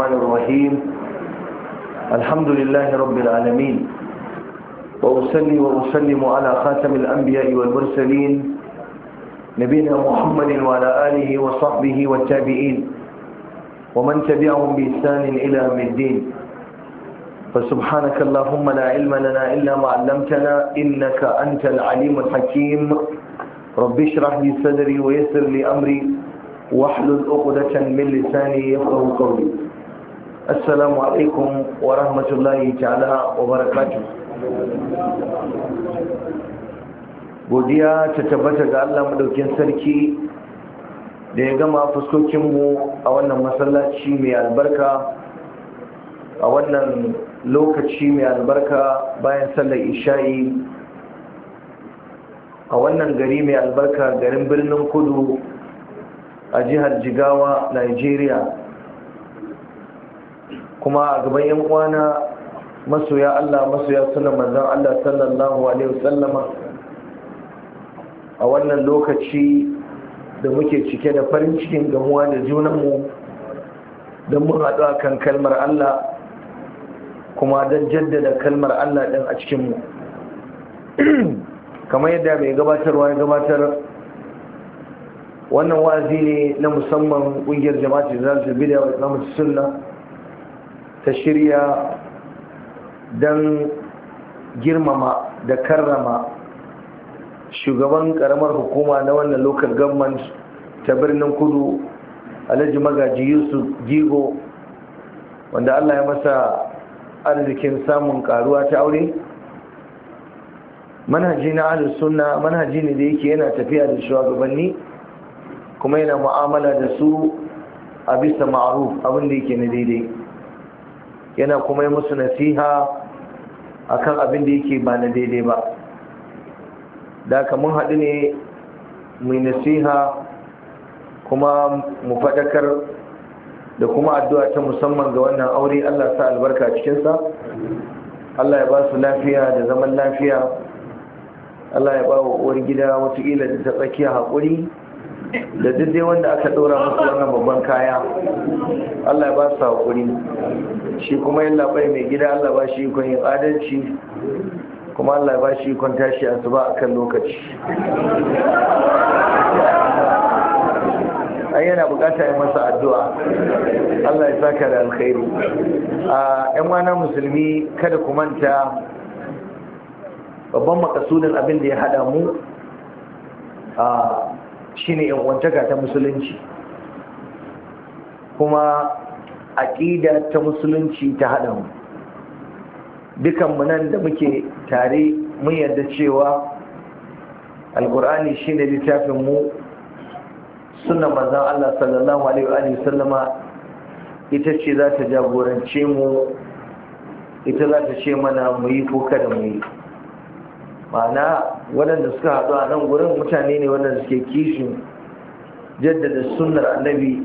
الرحمن الرحيم الحمد لله رب العالمين وأسلي وأسلم على خاتم الأنبياء والمرسلين نبينا محمد وعلى آله وصحبه والتابعين ومن تبعهم بإحسان إلى يوم الدين فسبحانك اللهم لا علم لنا إلا ما علمتنا إنك أنت العليم الحكيم رب اشرح لي صدري ويسر لي أمري واحلل عقدة من لساني يفقه قولي Asalamu alaikum wa rahmatullahi ta'ala wa barakatu godiya ta tabbata ga Allah madaukin sarki da ya gama fuskokinmu a wannan masallaci mai albarka a wannan lokaci mai albarka bayan sallar isha'i a wannan gari mai albarka garin birnin kudu a jihar jigawa nigeria kuma a gaban yan uwana masoya Allah masoya sunan manzon Allah sallallahu alaihi wasallama a wannan lokaci da muke cike da farin cikin gamuwa da junanmu don mun haɗu a kan kalmar Allah kuma don jaddada kalmar Allah ɗin a cikinmu kamar yadda mai gabatarwa ya gabatar wannan wazi ne na musamman ƙungiyar jama'a jama'ar zalzabila wa islamu sunna ta shirya don girmama da karrama shugaban karamar hukuma na wannan local government ta birnin kudu alhaji magaji yusuf gigo wanda allah ya masa arzikin samun karuwa ta aure manhaji na ahlus manhaji ne da yake yana tafiya da shugabanni kuma yana mu'amala da su a bisa ma'aruf abinda yake na daidai yana kuma yi musu nasiha a kan abin da yake ba na daidai ba da mun haɗu ne mai nasiha kuma mu faɗakar da kuma addu'a ta musamman ga wannan aure Allah sa albarka cikinsa Allah ya ba su lafiya da zaman lafiya Allah ya ba wa uwar gida watakila da ta tsakiya haƙuri da duk wanda aka ɗora musu wannan babban kaya Allah ya ba su haƙuri shi kuma yin labai mai gida Allah ba shi ikon yin adalci kuma Allah ya ba shi ikon tashi asuba a kan lokaci ai yana bukata yin masa addu'a Allah ya saka da alkhairu. a yan wana musulmi kada ku manta babban makasudin abin da ya haɗa mu shine yan ta musulunci kuma aƙida ta musulunci ta haɗa mu mu nan da muke tare mun yarda cewa alkur'ani shine littafin mu sunan manzon Allah sallallahu alaihi wa sallama ita ce za ta jagorance mu ita za ta ce mana mu yi ko kada mu yi ma'ana waɗanda suka haɗu a nan wurin mutane ne waɗanda suke kishin jaddada sunnar annabi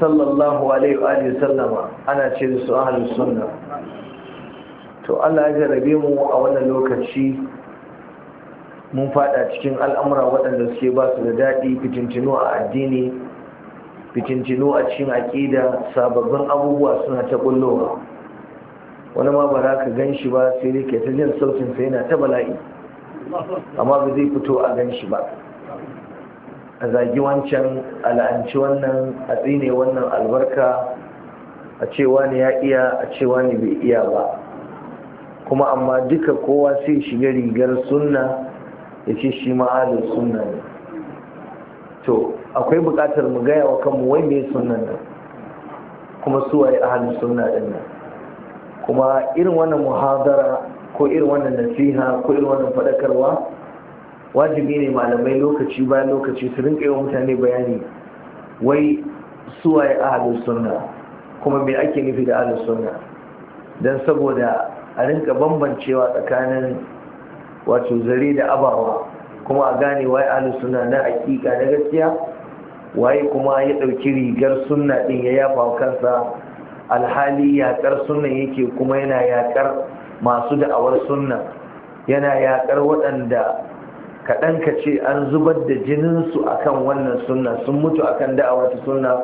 sallallahu alaihi wa sallama ana ce da su ahalin sunna to Allah ya jarabe mu a wannan lokaci mun fada cikin al'amura waɗanda suke ba su da daɗi fitintinu a addini fitintinu a cikin aƙida sababbin abubuwa suna ta ƙullowa wani ma ba za ka gan shi ba sai dai ke ta jin sautin sa yana ta bala'i amma ba zai fito a gan shi ba a zagi wancan al'anci wannan a tsine wannan albarka a cewa ne ya iya a cewa ne bai iya ba kuma amma duka kowa sai shiga rigar sunna ya ce shi ma'adar sunna ne to akwai bukatar mu gaya wa kanmu wai mai sunnan nan kuma suwaye ahalin sunna din nan kuma irin wannan muhadara ko irin wannan nasiha ko irin wannan faɗakarwa wajibi ne malamai lokaci bayan lokaci su rinka yi wa mutane bayani wai suwaye ahalin sunna kuma me ake nufi da ahalin sunna don saboda a rinka bambancewa tsakanin wato zare da abawa kuma a gane waye ahalin sunna na hakika na gaskiya waye kuma ya ɗauki rigar sunna ɗin ya yafa kansa alhali yakar sunna yake kuma yana yakar masu da'awar sunna yana yakar waɗanda kaɗan ka ce an zubar da jininsu akan wannan sunna sun mutu akan da'awar sunna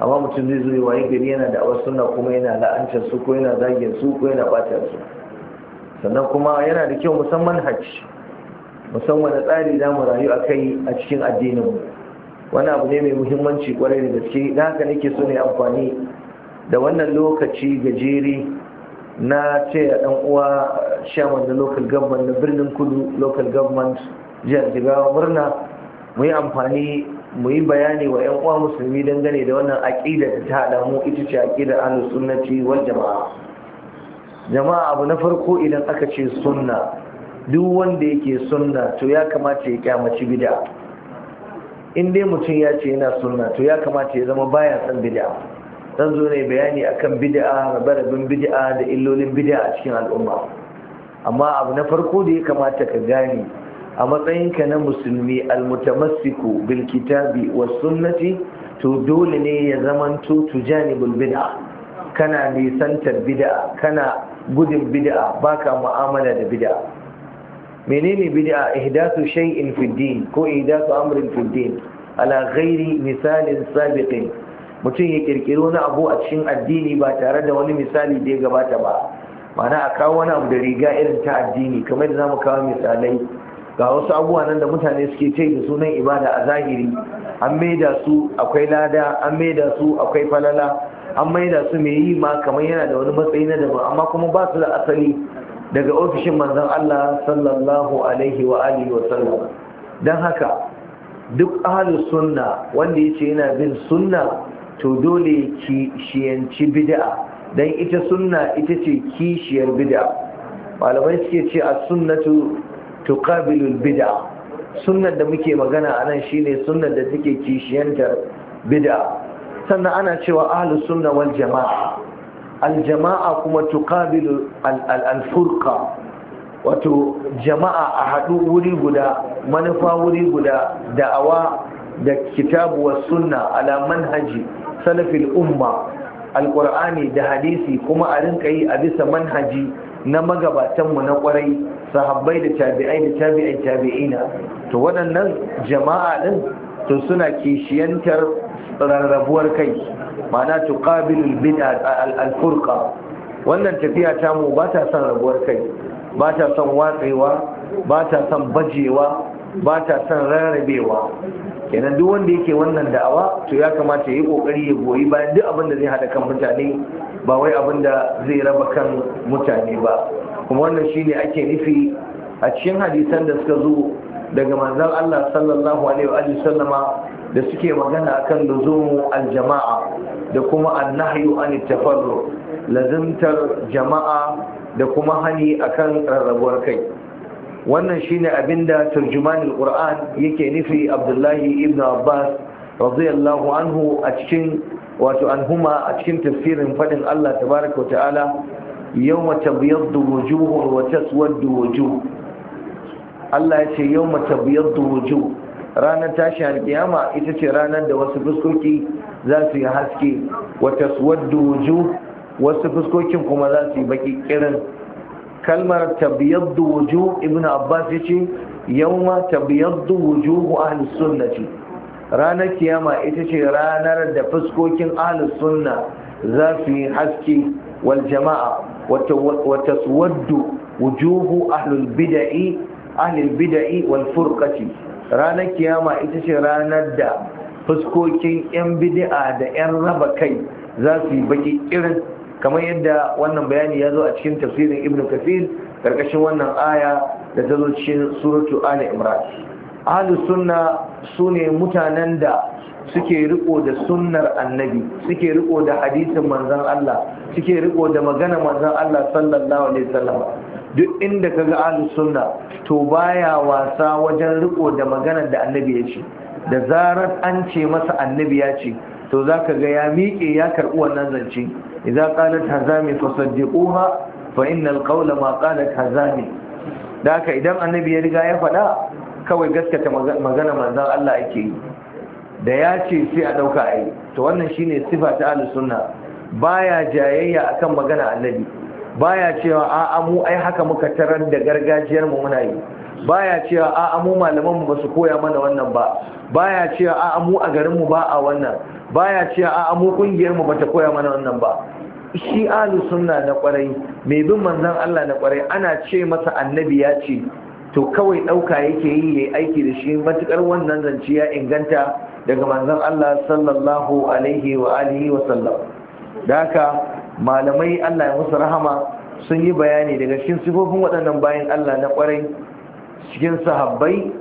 amma mutum zai zuwa wani gari yana da'awar sunna kuma yana la'ancin su ko yana zagin su ko yana ɓata su sannan kuma yana da kyau musamman hajji musamman da tsari za mu rayu a kai a cikin addininmu wani abu ne mai muhimmanci kwarai da gaske da haka nake so ne amfani da wannan lokaci gajeri na ce a ɗan uwa shaman da local government na birnin kudu local government jihar jigawa murna mu yi amfani mu yi bayani wa 'yan uwa musulmi dangane da wannan aƙida da ta haɗa mu ita ce aƙidar ahlus sunnati wal jama'a jama'a abu na farko idan aka ce sunna duk wanda yake sunna to ya kamata ya kyamaci bid'a in dai mutum ya ce yana sunna to ya kamata ya zama baya san bid'a zan zo ne bayani akan bid'a rabarabin bid'a da illolin bid'a a cikin al'umma amma abu na farko da ya kamata ka gane a matsayinka na musulmi almutamassiku bil kitabi wa sunnati to dole ne ya zamanto tujanibul bid'a kana nisantar bid'a kana gudun bid'a baka mu'amala da bid'a menene bid'a ihdathu shay'in fid din ko ihdathu amrin fid din ala ghairi misalin sabiqin mutum ya kirkiri na abu a cikin addini ba tare da wani misali da ya gabata ba mana a kawo wani abu da riga irin ta addini kamar da zamu kawo misalai ga wasu abubuwa nan da mutane suke ce da sunan ibada a zahiri an maida su akwai lada an maida su akwai falala an maida su mai yi ma kamar yana da wani matsayi na daban amma kuma ba su da asali daga ofishin manzon Allah sallallahu alaihi wa alihi wa sallam dan haka duk ahlus sunna wanda ce yana bin sunna to dole ki shiyanci bid'a dan ita sunna ita ce kishiyar bid'a malamai suke ce a sunnatu tuqabilu bid'a sunnar da muke magana anan shine sunnar da take kishiyantar bid'a sannan ana cewa ahlus sunna wal jamaa al jamaa kuma tuqabilu al furqa wato jama'a a haɗu wuri guda manufa wuri guda da'awa da kitabu wa sunna ala manhaji salafil umma Alƙur'ani, da hadisi kuma a rinka yi a bisa manhaji na magabatanmu na kwarai sahabbai da tabi'ai da tabi'ai tabi'ina to waɗannan jama'a ɗin to suna kishiyantar rarrabuwar kai to tuqabilul bid'a al-furqa wannan tafiya ta mu ba ta son rabuwar kai ba ta son watsewa ba ta son bajewa ba ta son rarrabewa kenan duk wanda yake wannan da'awa to ya kamata ya yi kokari ya goyi bayan duk abin da zai hada kan mutane ba wai abin da zai raba kan mutane ba kuma wannan shine ake nufi a cikin hadisan da suka zo daga manzon Allah sallallahu alaihi wa da suke magana akan luzumu aljama'a da kuma annahyu an tafarru lazimtar jama'a da kuma hani akan rarrabuwar kai wannan shine abinda turjumanul qur'an yake nufi abdullahi ibn abbas radiyallahu anhu a cikin wato anhuma a cikin tafsirin fadin Allah tabaaraka wa ta'ala yawma tabyaddu wujuhun wa taswaddu wujuh Allah ya ce yawma tabyaddu wujuh ranar tashi alkiyama ita ce ranar da wasu fuskoki za su yi haske wa taswaddu wujuh wasu fuskokin kuma za su yi baki kirin kalmar tabyaddu wujuh ibnu abbas yace yawma tabyaddu wujuh ahli ce, ranar kiyama ita ce ranar da fuskokin ahli sunna za su yi haske wal jama'a wa taswaddu wujuh ahli bid'i ahli wal ranar kiyama ita ce ranar da fuskokin yan bid'a da yan raba kai za su yi baki irin kamar yadda wannan bayani ya zo a cikin tafsirin ibn kafir karkashin wannan aya da ta zo cikin suratu ali imran ahlus sunna sune mutanen da suke riko da sunnar annabi suke riko da hadisin manzon Allah suke riko da magana manzon Allah sallallahu alaihi wasallam duk inda kaga ahlus sunna to baya wasa wajen riko da magana da annabi ya ce da zarar an ce masa annabi ya ce to zaka ga ya miƙe ya karɓi wannan zance idza qalat hazami fasaddiquha fa innal qawla ma qalat hazami da haka idan annabi ya riga ya faɗa kawai gaskata magana manzon Allah ake yi da ya ce sai a ɗauka a yi to wannan shine sifa ta ahlus sunna baya jayayya akan magana annabi baya cewa a'a mu ai haka muka tarar da gargajiyar mu muna yi baya cewa a'a mu malaman mu basu koya mana wannan ba baya cewa a'a mu a garin mu ba a wannan baya cewa a mu kungiyar mu bata koya mana wannan ba shi ahlu sunna na kwarai mai bin manzon Allah na kwarai ana ce masa annabi ya ce to kawai ɗauka yake yi yayi aiki da shi matukar wannan zance ya inganta daga manzon Allah sallallahu alaihi wa alihi wa sallam da haka malamai Allah ya musu rahama sun yi bayani daga cikin sifofin waɗannan bayan Allah na kwarai cikin sahabbai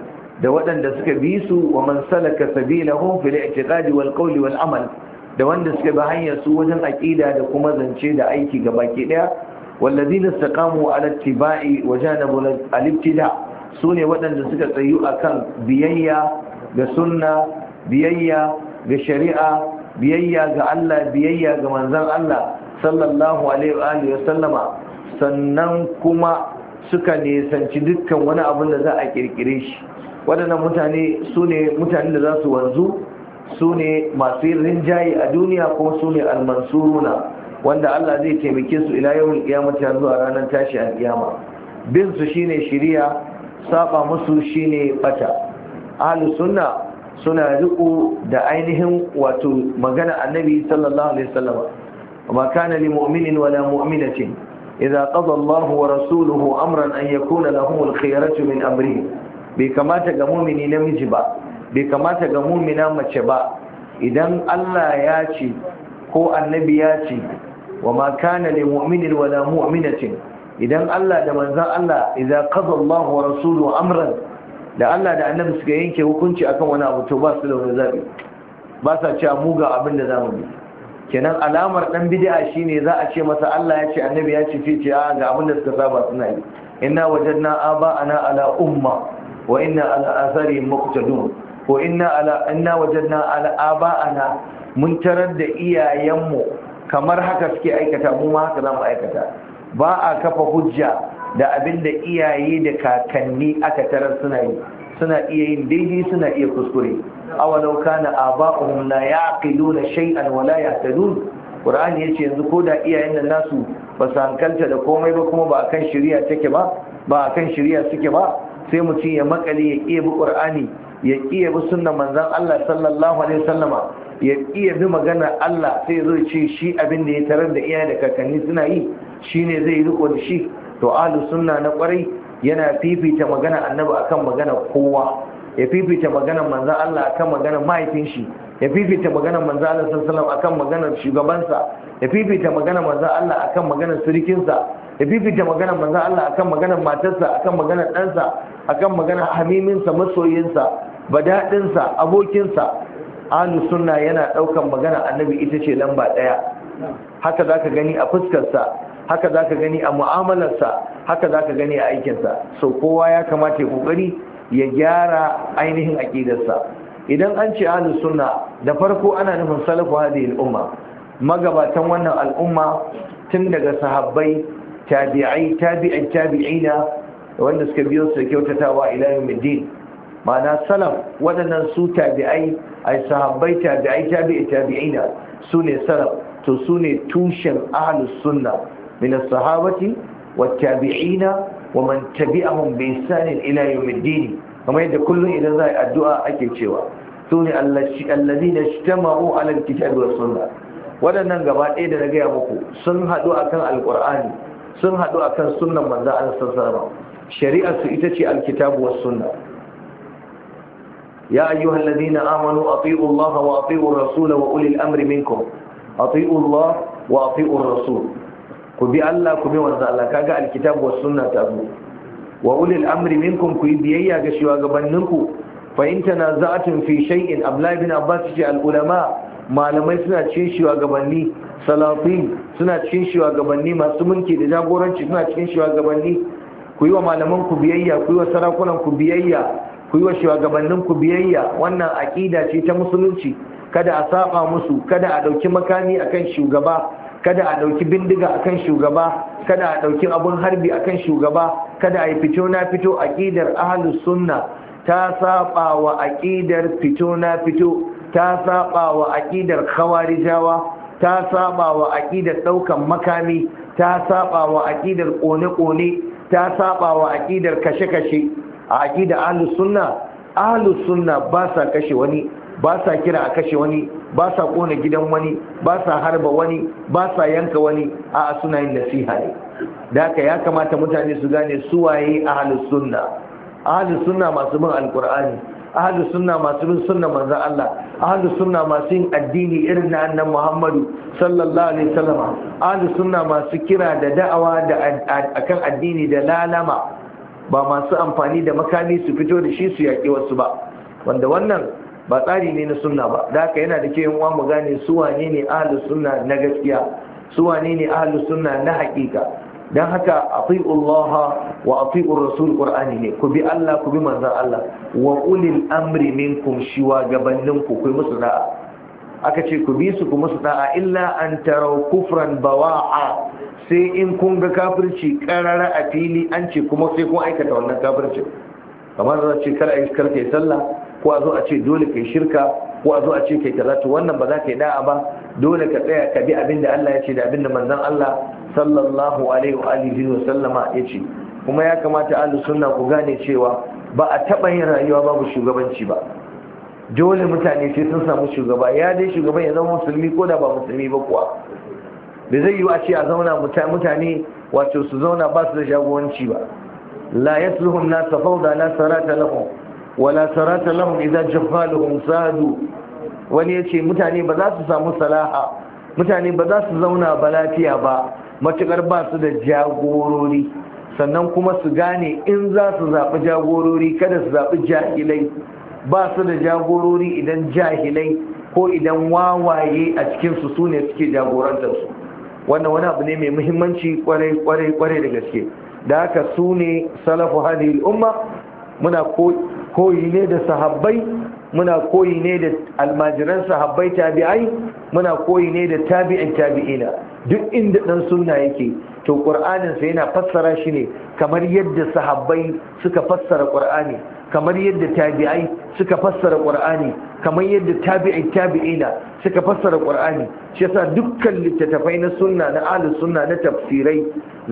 da waɗanda suka bi su wa man salaka sabilahum fil i'tiqadi wal qawli wal amal da wanda suka bi hanyar su wajen aqida da kuma zance da aiki gabaki daya ladina istaqamu ala ittiba'i wa janabu al ibtida sune waɗanda suka tsayu akan biyayya ga sunna biyayya ga shari'a biyayya ga Allah biyayya ga manzon Allah sallallahu alaihi wa sannan kuma suka nesanci dukkan wani abin da za a kirkire shi waɗannan mutane su ne mutane da za su wanzu su ne masu rinjaye a duniya ko su ne almansuruna wanda Allah zai taimake su ila yawon kiyamata zuwa ranar tashi a kiyama bin su ne shiriya saba musu shine bata ahlu sunna suna riko da ainihin wato magana annabi sallallahu alaihi wasallam ma kana lil mu'minin wala mu'minatin idza qada Allahu wa rasuluhu amran an yakuna lahumul khiyaratu min amrihim bai kamata ga mumini namiji ba bai kamata ga mumina mace ba idan Allah ya ce ko annabi ya ce wa ma kana lil mu'minin wala mu'minatin idan Allah da manzon Allah idza qada Allah wa rasuluhu amran da Allah da annabi suka yanke hukunci akan wani abu to ba su da zabi ba sa cewa mu ga abin da zamu bi kenan alamar dan bid'a shine za a ce masa Allah ya ce annabi ya ce ce ah, ga abin da suka saba suna yi inna wajadna ana ala umma wa inna ala asari muqtadun ko inna ala inna wajadna ala aba'ana mun tarar da iyayenmu kamar haka suke aikata mu ma haka mu aikata ba a kafa hujja da abinda iyaye da kakanni aka tarar suna yi suna iya yin daidai suna iya kuskure awalau kana aba'uhum la yaqiluna shay'an wa la yahtadun qur'ani yace yanzu ko da iyayen nan nasu ba su hankalta da komai ba kuma ba akan shari'a take ba ba akan shari'a suke ba sai mutum ya makale ya ƙiya bi ƙur'ani ya ƙiya bi sunnan manzon Allah sallallahu alaihi wasallama ya ƙiya bi magana Allah sai ya zo ce shi abin da ya tarar da iyaye da kakanni suna yi shine zai yi riko da shi to ahlu sunna na kwarai yana fifita magana annabi akan magana kowa ya fifita magana manzan Allah akan magana mahaifin shi ya fifita magana manzan Allah sallallahu alaihi wasallam akan magana shugabansa ya fifita magana manzan Allah akan magana surikinsa ya fifita maganar manza Allah akan maganar matarsa akan maganar ɗansa akan maganar hamiminsa masoyinsa badaɗinsa abokinsa ahlu sunna yana ɗaukan magana annabi ita ce lamba ɗaya haka zaka gani a fuskarsa haka zaka gani a mu'amalarsa haka zaka gani a aikinsa so kowa ya kamata ya kokari ya gyara ainihin aqidarsa idan an ce ahlus sunna da farko ana nufin salafu hadhihi al-umma magabatan wannan al'umma tun daga sahabbai tabi'ai tabi'an tabi'ina wanda suka biyo su da kyautatawa ila yawmiddin ma'ana salaf waɗannan su tabi'ai ai sahabbai tabi'ai tabi'i tabi'ina su ne salaf to su tushen ahlus sunna min as-sahabati wat tabi'ina wa man tabi'ahum bi ihsanin ila yawmiddin kuma yadda kullum idan za a yi addu'a ake cewa su ne allazi na shtama'u alal kitabi wa waɗannan gaba ɗaya da na gaya muku sun haɗu akan alƙur'ani sun haɗu akan sunnan manzo Allah sallallahu shari'ar su ita ce alkitabu was sunna ya ayyuhal ladina amanu a atiiu Allah wa atiiu ar-rasul wa ulil amri minkum atiiu Allah wa atiiu ar ku bi Allah ku bi wanzu Allah kaga alkitabu was sunna ta zo wa ulil amri minkum ku yi biyayya ga shugabanninku fa in tanaza'tum fi shay'in abla ibn abbas ji al ulama malamai suna cikin shugabanni salafin suna cikin shugabanni masu mulki da jagoranci suna cikin shugabanni ku yi wa malaman ku biyayya ku yi wa sarakunan ku biyayya ku yi wa shugabannin ku biyayya wannan aƙida ce ta musulunci kada a saba musu kada a ɗauki makami akan shugaba kada a ɗauki bindiga akan shugaba kada a ɗauki abun harbi akan shugaba kada a yi fito na fito aƙidar ahlus sunna ta saba wa aƙidar fito na fito ta saba wa aƙidar khawarijawa ta saba wa aƙidar ɗaukan makami ta saba wa aƙidar ƙone-ƙone ta saba wa aƙidar kashe-kashe a aƙidar alusunna, sunna sunna ba sa kashe wani ba sa kira a kashe wani ba sa ƙona gidan wani ba sa harba wani ba sa yanka wani a suna yin nasiha ne da haka ya kamata mutane su gane suwaye ahlus sunna ahlus sunna masu bin alkur'ani ahlus sunna masu bin sunna manzan Allah ahlus sunna masu yin addini irin na annan Muhammadu sallallahu alaihi wasallam ahlus sunna masu kira da da'awa da akan addini da lalama ba masu amfani da makami su fito da shi su yaƙi wasu ba wanda wannan ba tsari ne na sunna ba da haka yana da ke yin mu gane su wane ne ahlus sunna na gaskiya su wane ne ahlus sunna na hakika. don haka Allah wa ati'ur rasul ƙur'ani ne ku bi Allah ku bi manzon Allah wa ulil amri minkum shiwa gabanin ku musu da'a aka ce ku bi su ku musu da'a illa an tarau kufran bawa'a sai in kun ga kafirci karara a fili an ce kuma sai kun aikata wannan kafircin kamar da ce kar a yi karfe sallah ko a zo a ce dole kai shirka ko a zo a ce kai kaza to wannan ba za ka yi da'a ba dole ka tsaya ka bi abin da Allah ya ce da abin da manzon Allah sallallahu alaihi wa alihi wa sallama ya ce kuma ya kamata ahlus sunna ku gane cewa ba a taba yin rayuwa babu shugabanci ba dole mutane sai sun samu shugaba ya dai shugaban ya zama musulmi ko da ba musulmi ba kuwa da zai yi a ce a zauna mutane wato su zauna ba su da shagowanci ba la yasluhum na safauda na sarata lahum wala sarata lahum idza jahaluhum sadu wani yace mutane ba za su samu salaha mutane ba za su zauna ba lafiya ba matukar ba su da jagorori sannan kuma su gane in za su zaɓi jagorori kada su zaɓi jahilai ba su da jagorori idan jahilai ko idan wawaye a cikinsu su ne suke jagorantarsu wannan wani abu ne mai muhimmanci kwarai kwarai da gaske da haka su ne salafu hadhihi umma muna koyi ne da sahabbai muna koyi ne da almajiran sahabbai tabi'ai muna koyi ne da tabi'in tabi'ina duk inda dan sunna yake to qur'anin yana fassara shi ne kamar yadda sahabbai suka fassara qur'ani kamar yadda tabi'ai suka fassara qur'ani kamar yadda tabi'in tabi'ina suka fassara qur'ani shi yasa dukkan littattafai na sunna na ahlus sunna na tafsirai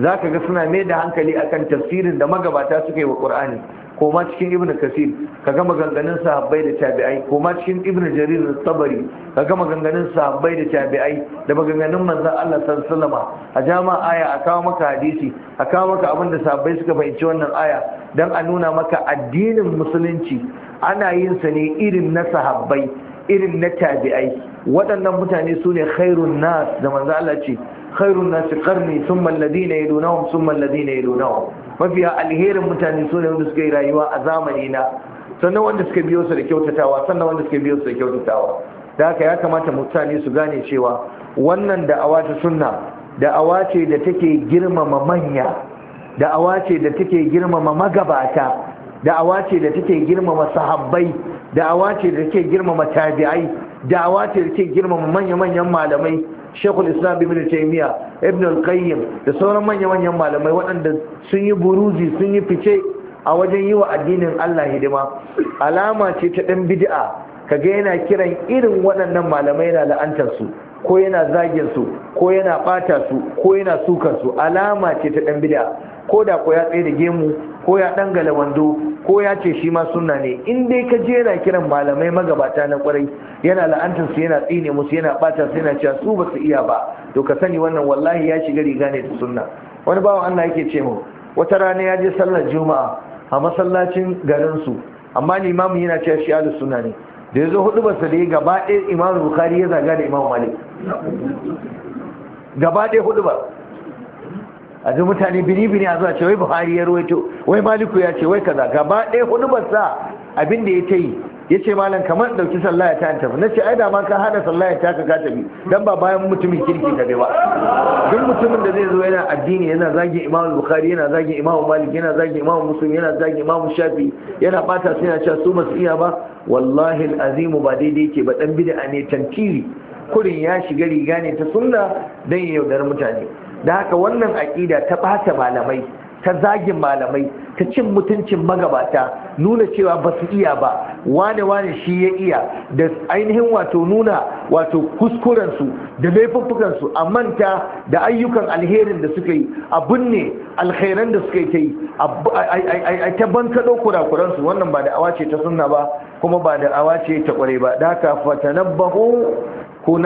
zaka ga suna mai da hankali akan tafsirin da magabata suka yi wa qur'ani ko ma cikin ibnu kasir kaga maganganun sahabbai da tabi'ai ko ma cikin ibnu jarir al-tabari kaga maganganun sahabbai da tabi'ai da maganganun manzon Allah sallallahu alaihi wasallam a jama aya a kawo maka hadisi a kawo maka abin da sahabbai suka fahimci wannan aya dan a nuna maka addinin musulunci ana yin sa ne irin na sahabbai irin na tabi'ai waɗannan mutane su ne khairun nas da manzon Allah ce khairun nas qarni thumma alladhina yadunahum thumma alladhina yadunahum mafiya alherin mutane su ne wanda suka yi rayuwa a zamani na sannan wanda suka biyo su da kyautatawa sannan wanda suka biyo su da kyautatawa da haka ya kamata mutane su gane cewa wannan da awace sunna da awace da take girmama manya da awace da take girmama magabata da awace da take girmama sahabbai da awace da take girmama tabi'ai da awace da take girmama manya-manyan malamai shekul islam ibn taymiya ibn al-qayyim da sauran manya-manyan malamai waɗanda sun yi buruzi sun yi fice a wajen yi wa addinin Allah hidima alama ce ta ɗan bid'a Kage yana kiran irin waɗannan malamai na la'antar su ko yana zagin su ko yana ɓata su ko yana sukar su alama ce ta ɗan bid'a ko da ko ya tsaye da gemu ko ya dangala wando ko ya ce shi ma sunna ne in dai ka je yana kiran malamai magabata na kwarai yana la'antar su yana tsine musu yana bata su yana cewa su ba su iya ba to ka sani wannan wallahi ya shiga riga ne da sunna wani bawan Allah yake ce mu wata rana ya je sallar juma'a a masallacin garin su amma imamu yana cewa shi ahlus sunna ne da yazo hudu ba da gaba ɗaya imamu bukhari ya zaga da imamu malik gaba ɗaya hudu ba a zai mutane bini-bini a zuwa ce wai buhari ya ruwaito wai maliku ya ce wai kaza gaba ɗaya hudu ba sa abin da ya ta yi ya ce malam kamar ɗauki sallaya ta tafi na ce ai da ma ka haɗa sallaya ta ka tafi Don ba bayan mutumin kirki ka ba duk mutumin da zai zo yana addini yana zagin imamu bukhari yana zagin imamu malik yana zagin imamu Musulmi yana zagin imamu shafi yana bata su yana cewa su masu iya ba wallahi azimu ba daidai ke ba dan bid'a ne tantiri kurin ya shiga riga ne ta sunna dan ya yaudar mutane da haka wannan aƙida ta ɓata malamai ta zagin malamai ta cin mutuncin magabata nuna cewa ba su iya ba wane wane shi ya iya da ainihin wato nuna wato kuskurensu da laifuffukansu a manta da ayyukan alherin da suka yi a binne alkhairan da suka yi ta yi a ta bankaɗo kurakuransu wannan ba da awace ta sunna ba kuma ba da awace ta kware ba da haka fatanabbahu ku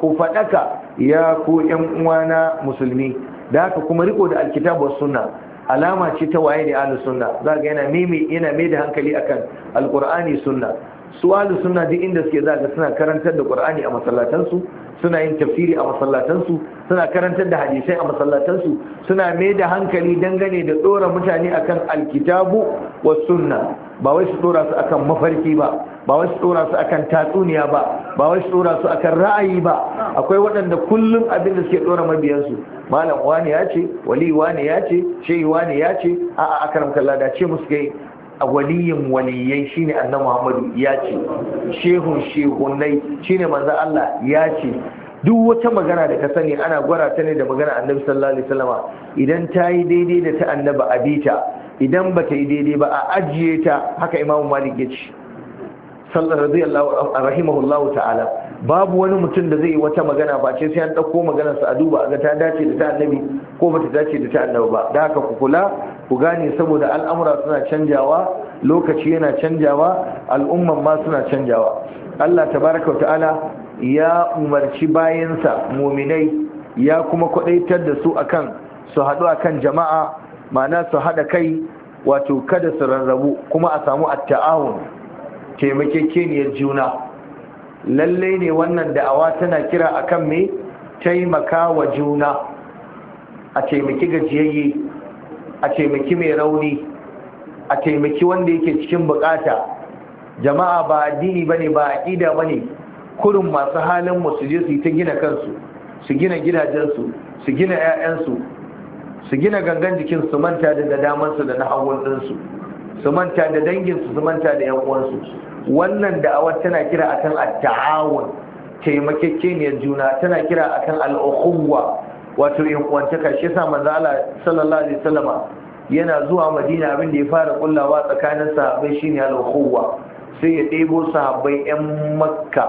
ku faɗaka ya ko yan uwana musulmi da haka kuma riko da alkitabu was sunna alama ce ta waye ne ahlus sunna za ga yana yana mai da hankali akan alqur'ani sunna su ahlus sunna duk inda suke za ga suna karantar da qur'ani a masallatansu suna yin tafsiri a masallatansu suna karantar da hadisai a masallatansu suna mai da hankali dangane da dora mutane akan alkitabu was sunna ba wai su dora su akan mafarki ba ba wasu tsora su akan tatsuniya ba ba wasu tsora su akan ra'ayi ba akwai waɗanda kullum abin da suke tsora mabiyansu malam wani ya ce wali wani ya ce shehi wani ya ce a'a akaram kalla da ce musu kai a waliyin waliyai shine annabi Muhammadu ya ce shehun shehunai shine manzo Allah ya ce duk wata magana da ka sani ana gwara ta ne da magana annabi sallallahu alaihi wasallama idan ta yi daidai da ta annabi abita idan ba ta yi daidai ba a ajiye ta haka imamu malik ya ce rahimahullahu ta'ala babu wani mutum da zai yi wata magana ba ce sai an ɗauko maganar sa a duba ga ta dace da ta annabi ko bata dace da ta annabi ba da haka ku kula ku gane saboda al'amura suna canjawa lokaci yana canjawa al'umman ma suna canjawa Allah tabaraka ta'ala ya umarci bayansa muminai ya kuma kwadaitar da su akan su haɗu akan jama'a ma'ana su haɗa kai wato kada su rarrabu kuma a samu at-ta'awun taimakekeniyar juna lalle ne wannan da'awa tana kira akan me taimaka wa juna a taimaki gajiyayye a taimaki mai rauni a taimaki wanda yake cikin bukata jama'a ba addini bane ba aqida bane kurin masu halin mu je su yi ta gina kansu su gina gidajensu su gina 'ya'yansu su gina gangan jikin su manta da damansu da na hawan ɗinsu su manta da danginsu su manta da 'yan uwansu wannan da'awar tana kira akan al taawun taimakekeniyar juna tana kira akan al-ukhuwa wato in uwantaka shi yasa manzo Allah sallallahu alaihi wasallama yana zuwa Madina abin da ya fara kullawa tsakanin sahabbai shine al-ukhuwa sai ya ɗebo sahabbai 'yan makka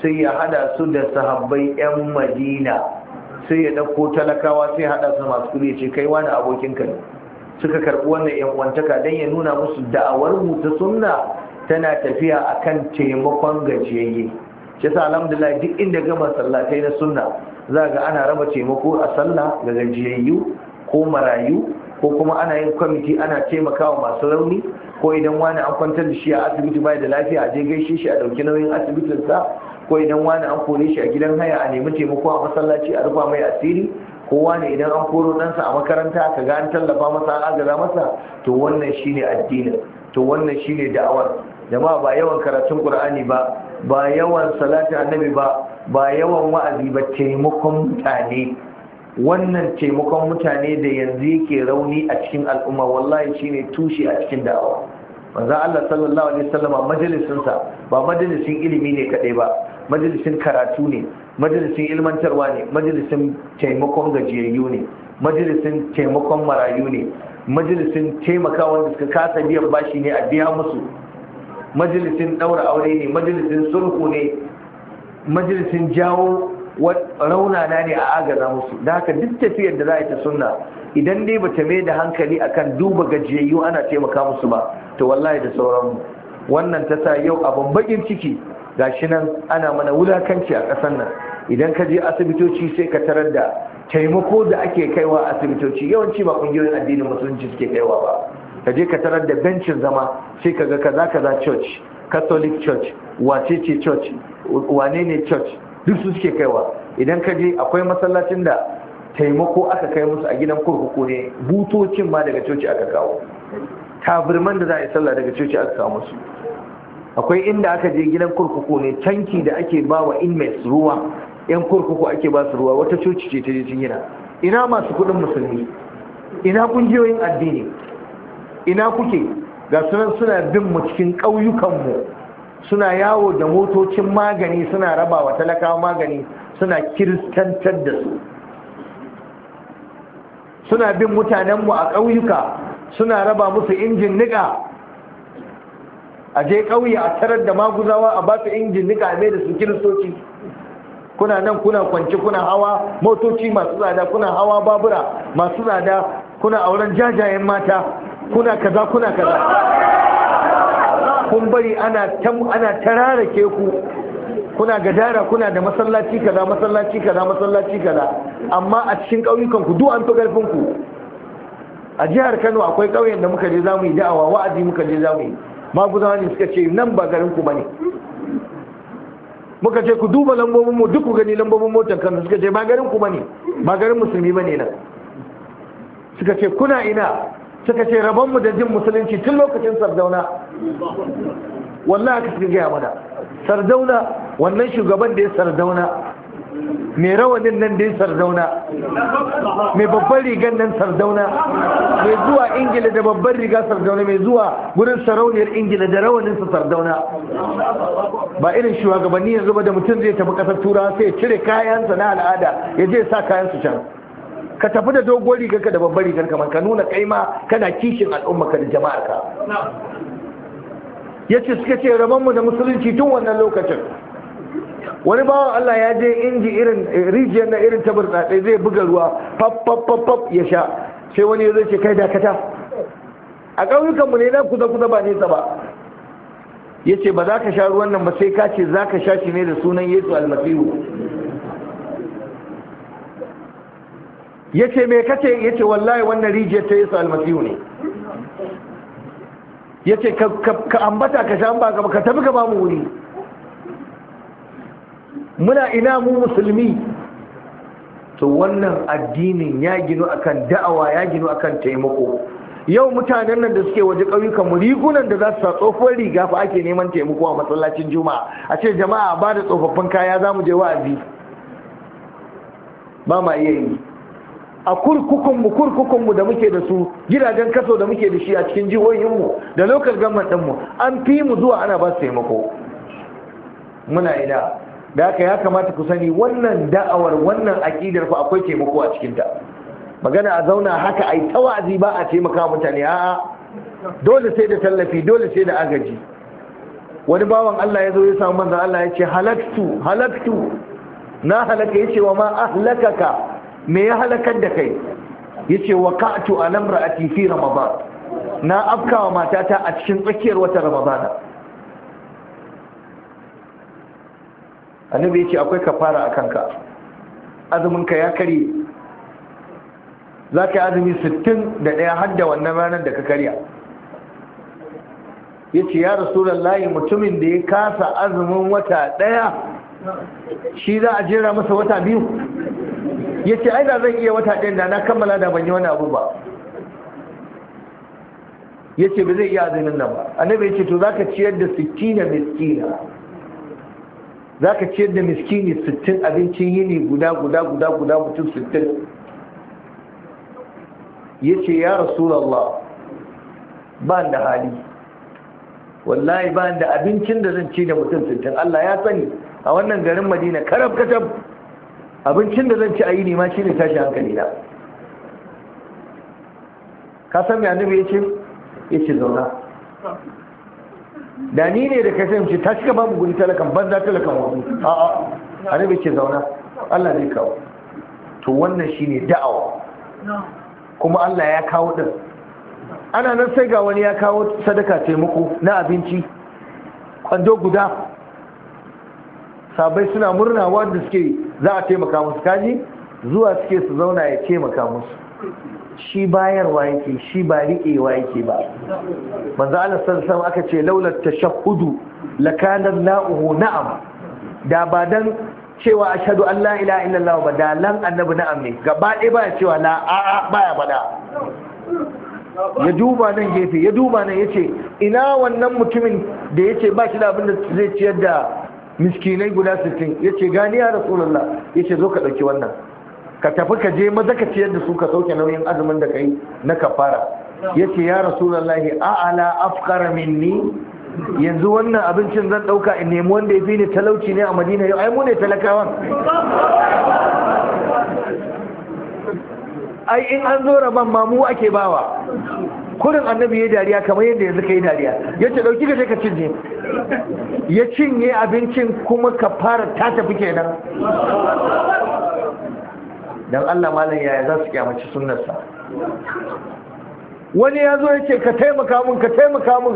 sai ya hada su da sahabbai 'yan madina sai ya ɗauko talakawa sai ya hada su masu kuri ce kai wani abokin ne suka karɓi wannan 'yan kwantaka don ya nuna musu da'awar mu ta sunna tana tafiya a kan taimakon gajiyayye shi sa alhamdulillah duk inda gama sallatai na sunna za ga ana raba taimako a sallah ga gajiyayyu ko marayu ko kuma ana yin kwamiti ana taimakawa masu rauni ko idan wani an kwantar da shi a asibiti bai da lafiya a je gaishe shi a dauki nauyin asibitinsa ko idan wani an kore shi a gidan haya a nemi taimako a masallaci a rufa mai asiri ko wani idan an koro ɗansa a makaranta ka ga an tallafa masa an agaza masa to wannan shine addinin to wannan shine da'awar jama'a ba yawan karatun qur'ani ba ba yawan salatin annabi ba ba yawan wa'azi ba taimakon mutane wannan taimakon mutane da yanzu yake rauni a cikin al'umma wallahi shine tushe a cikin da'awa manzon Allah sallallahu alaihi wasallam majalisin sa ba majalisin ilimi ne kadai ba majalisin karatu ne majalisin ilmantarwa ne majalisin taimakon gajiyayyu ne majalisin taimakon marayu ne majalisin taimakawa wanda suka kasa biyan bashi ne a biya musu majalisin ɗaura aure ne majalisin sulhu ne majalisin jawo raunana ne a agaza musu da haka duk tafiyar da za a yi ta sunna idan dai bata mai da hankali akan duba gajiyayyu ana taimaka musu ba to wallahi da sauranmu wannan ta sa yau abin bakin ciki ga shi nan ana mana wulakanci a ƙasar nan idan ka je asibitoci sai ka tarar da taimako da ake kaiwa asibitoci yawanci ba ƙungiyoyin addinin musulunci suke kaiwa ba ka je ka tarar da bencin zama sai ka ga kaza kaza church catholic church wace ce church wane ne church duk su suke kaiwa idan ka je akwai masallacin da taimako aka kai musu a gidan kurkuku ne butocin ma daga coci aka kawo tabirman da za a yi sallah daga coci aka kawo musu akwai inda aka je gidan kurkuku ne tanki da ake ba wa inmates ruwa yan kurkuku ake ba su ruwa wata coci ce ta je gina ina masu kudin musulmi ina kungiyoyin addini ina kuke ga sunan suna bin mu cikin ƙauyukanmu suna yawo da motocin magani suna raba wa talakawa magani suna kiristantar da su suna bin mutanenmu a ƙauyuka suna raba musu injin niƙa a je ƙauye a tarar da maguzawa a ba su injin niƙa a da su kiristoci kuna nan kuna kwanci kuna hawa motoci masu tsada kuna hawa babura masu tsada kuna auren jajayen mata kuna kaza kuna kaza kun bari ana ana tararake ku kuna gadara kuna da masallaci kaza masallaci kaza masallaci kaza amma a cikin ƙauyukan ku duk an fi garfin ku a jihar Kano akwai ƙauyen da muka je zamu yi da'awa wa'azi muka je zamu yi maguzawa ne suka ce nan ba garin ku bane muka ce ku duba lambobin mu duk ku gani lambobin motar kan suka ce ba garin ku bane ba garin musulmi bane nan suka ce kuna ina suka ce rabonmu da jin musulunci tun lokacin sardauna wallahi aka suka gaya mana sardauna wannan shugaban da ya sardauna mai rawanin nan da ya sardauna mai babban rigar nan sardauna mai zuwa ingila da babban riga sardauna mai zuwa gurin sarauniyar ingila da rawaninsa sardauna ba irin shugabanni yanzu ba da mutum zai tafi kasar turawa sai ya cire kayansa na al'ada ya je sa kayansu can ka tafi da dogon rigar ka da babbar rigar ka ka nuna kai ma kana kishin al'umma ka da jama'ar ka ce suka ce rabon da musulunci tun wannan lokacin wani bawa Allah ya je inji irin eh, rijiyar na irin tabar tsatsai zai buga ruwa pap ya sha sai wani ya zai ce kai dakata a ƙauyukanmu ne na kusa kusa ba nesa ba ya ce ba za ka sha ruwan nan ba sai ka ce za ka sha shi ne da sunan yesu almasihu ya ce mai kace ya ce wallahi wannan rijiyar ta yesu almasihu ne yace ce ka ambata ka sha ba ka tafi ka mu wuri muna ina mu musulmi to wannan addinin ya ginu akan da'awa ya ginu akan taimako yau mutanen nan da suke waje ƙauyukan mu rigunan da za su sa tsofaffin riga fa ake neman taimako a masallacin juma'a a ce jama'a ba da tsofaffin kaya za mu je wa'azi ba ma iya yi a kurkukunmu kurkukunmu da muke da su gidajen kaso da muke da shi a cikin jihohinmu da local government ɗinmu an fi mu zuwa ana ba su taimako muna ina da haka ya kamata ku sani wannan da'awar wannan aƙidar ku akwai taimako a cikinta magana a zauna haka a yi tawazi ba a taimaka mutane a'a dole sai da tallafi dole sai da agaji wani bawan Allah ya zo ya samu manzon Allah ya ce halaktu halaktu na halaka yace wa ma ahlakaka me ya halakar da kai Ya ce ka'atu a ala imra'ati tifi ramadan na afkawa matata a cikin tsakiyar wata ramadana annabi ce akwai kafara a kanka azumin ka ya kare za ka yi azumi 61 har da wannan ranar da ka karya ya ce ya layi mutumin da ya kasa azumin wata ɗaya shi za a jera masa wata biyu ya ce aida zan iya wata ɗin da na kammala da ban yi wani abu ba ya ce ba zai iya azumin nan ba annabi ya ce to za ka ciyar da sittina miskina za ka ciyar da miskini sittin abincin yini guda guda guda guda mutum sittin ya ce ya rasulallah ba da hali wallahi ba da abincin da zan ci da mutum sittin allah ya sani a wannan garin madina karab katab abincin da zan ci a yi nema shi ne tashi hankali na ka san mai annabi ya ce ya ce zauna da ni ne da kasance ce tashi ka babu guri talakan banza talakan wani a'a annabi ya ce zauna Allah ne kawo to wannan shi ne da'awa kuma Allah ya kawo ɗin ana nan sai ga wani ya kawo sadaka taimako na abinci kwando guda sabai suna murnawa da suke za a taimaka musu kaji zuwa suke su zauna ya taimaka musu shi bayarwa yake shi ba riƙewa yake ba manzo Allah sallallahu aka ce laula tashahhudu lakanan na'uhu na'am da ba dan cewa ashhadu an la ilaha illallah ba da lan annabi na'am ne gaba ɗaya ba cewa la a a baya bada ya duba nan gefe ya duba nan yace ina wannan mutumin da yace ba shi da abin da zai ciyar da miskinai guda sittin ya ce gani ya rasulallah ya ce zo ka ɗauki wannan ka tafi ka je maza ka ciyar da su ka sauke nauyin azumin da ka yi na kafara ya ce ya rasulallah a'ala afkara minni yanzu wannan abincin zan ɗauka in nemi wanda ya fi ni talauci ne a madina yau ai mu ne talakawan ai in an zo rabon ma mu ake bawa kurin annabi ya dariya kamar yadda yanzu ka yi dariya ya ce ɗauki gaje ka cinye ya cinye abincin kuma ka fara ta tafi kenan don allah malam yaya za su kyamaci sunnarsa wani ya zo ya ce ka taimaka mun ka taimaka mun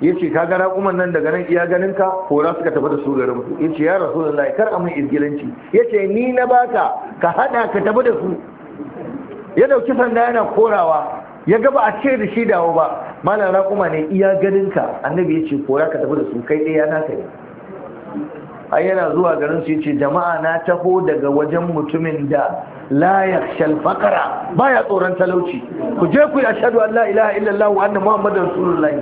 ya ce ka gara umar nan daga nan iya ganin ka kora suka tafi da su garin ku ya ce ya rasu da kar amin izgilanci ya ce ni na baka ka hada ka tafi da su ya dauki sanda yana korawa ya gaba a ce da shi dawo ba malam raƙuma ne iya ganinka annabi ya ce kora ka tafi da su kai ɗaya na kai ai yana zuwa garin su ce jama'a na taho daga wajen mutumin da la yakhshal faqra baya tsoron talauci ku je ku ashhadu an la ilaha illallah wa anna muhammadar rasulullahi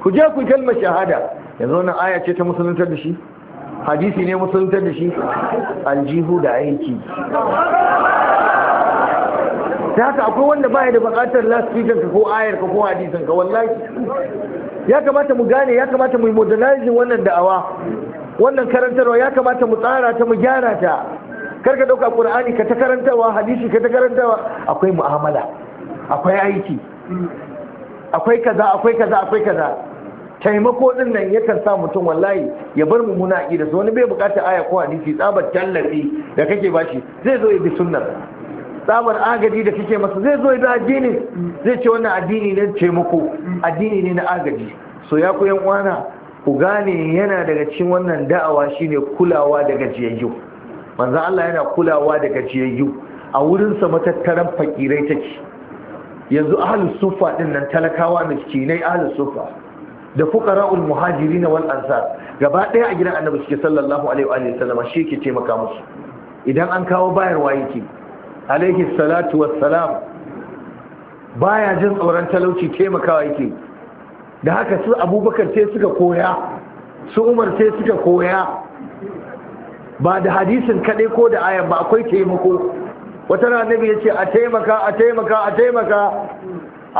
ku je ku kalma shahada yanzu wannan aya ce ta musuluntar da shi hadisi ne musuluntar da shi aljihu da aiki ta haka akwai wanda ya da bukatar laspikan ka ko ayar ka ko hadisan ka wallahi ya kamata mu gane ya kamata mu modernize wannan da'awa wannan karantarwa ya kamata mu tsara ta mu gyara ta kar ka dauka qur'ani ka ta karantawa hadisi ka ta karantawa akwai mu'amala akwai aiki akwai kaza akwai kaza akwai kaza taimako din nan yakan sa mutum wallahi ya bar mummuna aqida su wani bai bukata aya ko hadisi tsabar tallafi da kake bashi zai zo ya bi sunnar tsabar agaji da kike masa zai zo da addini zai ce wannan addini ne ce muku addini ne na agaji so ya ku yan uwana ku gane yana daga cikin wannan da'awa shine kulawa da gajiyayyu manzo Allah yana kulawa da gajiyayyu a wurin sa matattaran fakirai take yanzu ahlus sufa din nan talakawa miskinai ahlus sufa da fuqara'ul muhajirin wal ansar gaba daya a gidan annabi suke sallallahu alaihi wa sallama shi ke taimaka musu idan an kawo bayar yake alaihi salatu wassalam baya jin tsoron talauci taimakawa yake da haka su abubakar sai suka koya su umar sai suka koya ba da hadisin kaɗai ko da ayan ba akwai taimako wata ranabi ya ce a taimaka a taimaka a taimaka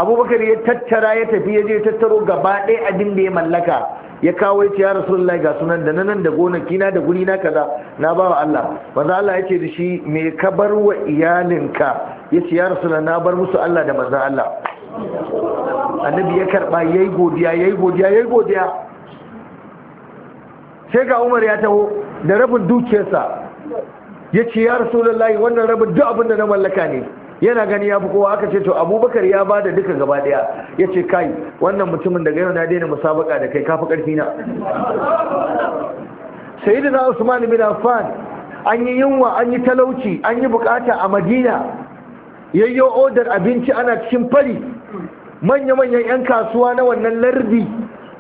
abubakar ya tattara ya tafi ya je tattaro gaba ɗaya abin da ya mallaka ya kawo ya ce ya rasulullahi ga sunan da nan da gonaki na da guri na kaza na ba wa Allah manzo Allah ya ce da shi me ka wa iyalinka ya ce ya rasu na bar musu Allah da maza Allah annabi ya karba yi godiya ya yi godiya ya yi godiya sai ga Umar ya taho da rabin dukiyarsa ya ce ya rasulullahi wannan rabin duk abin da na mallaka ne yana gani ya fi kowa aka ce to abubakar ya ba da duka gaba daya ya ce kai wannan mutumin daga yau na daina musabaka da kai kafa karfi na sayyidina usman bin affan an yi yunwa an yi talauci an yi bukata a madina yayyo odar abinci ana cikin fari manya-manyan 'yan kasuwa na wannan lardi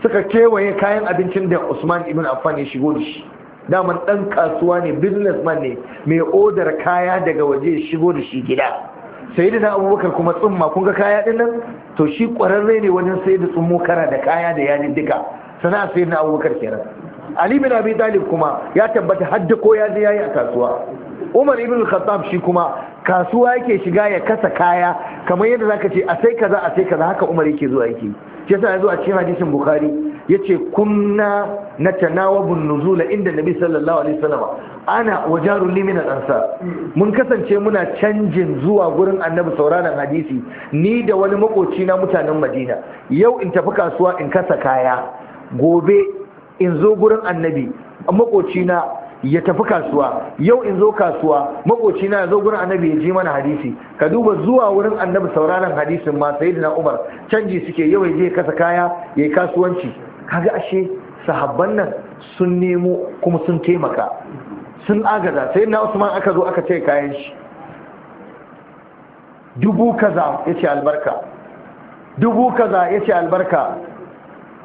suka kewaye kayan abincin da usman ibn affan ya shigo da shi daman dan kasuwa ne businessman ne mai odar kaya daga waje ya shigo da shi gida sai da abubakar kuma tsumma kun ga kaya din nan to shi kwararre ne wajen sai da tsummo kara da kaya da yanin duka sana sai da abubakar kenan ali bin abi talib kuma ya tabbata hadda ko ya je yayi a kasuwa umar ibn khattab shi kuma kasuwa yake shiga ya kasa kaya kamar yadda zaka ce a sai kaza a sai kaza haka umar yake zuwa yake shi yasa ya zo a cikin hadisin bukhari yace kunna na tanawabun nuzula inda nabi sallallahu alaihi wasallam ana wajarun li min al-ansar mun kasance muna canjin zuwa gurin annabi sauraron hadisi ni da wani makoci na mutanen madina yau in tafi kasuwa in kasa kaya gobe in zo gurin annabi makoci na ya tafi kasuwa yau in zo kasuwa makoci na zo gurin annabi ya ji mana hadisi ka duba zuwa wurin annabi sauraron hadisin ma sayyidina umar canji suke yau ya je kasa kaya yi kasuwanci kaga ashe sahabban nan sun nemo kuma sun taimaka sun agaza sai na usman aka zo aka ce kayan shi dubu kaza ya ce albarka dubu kaza ya ce albarka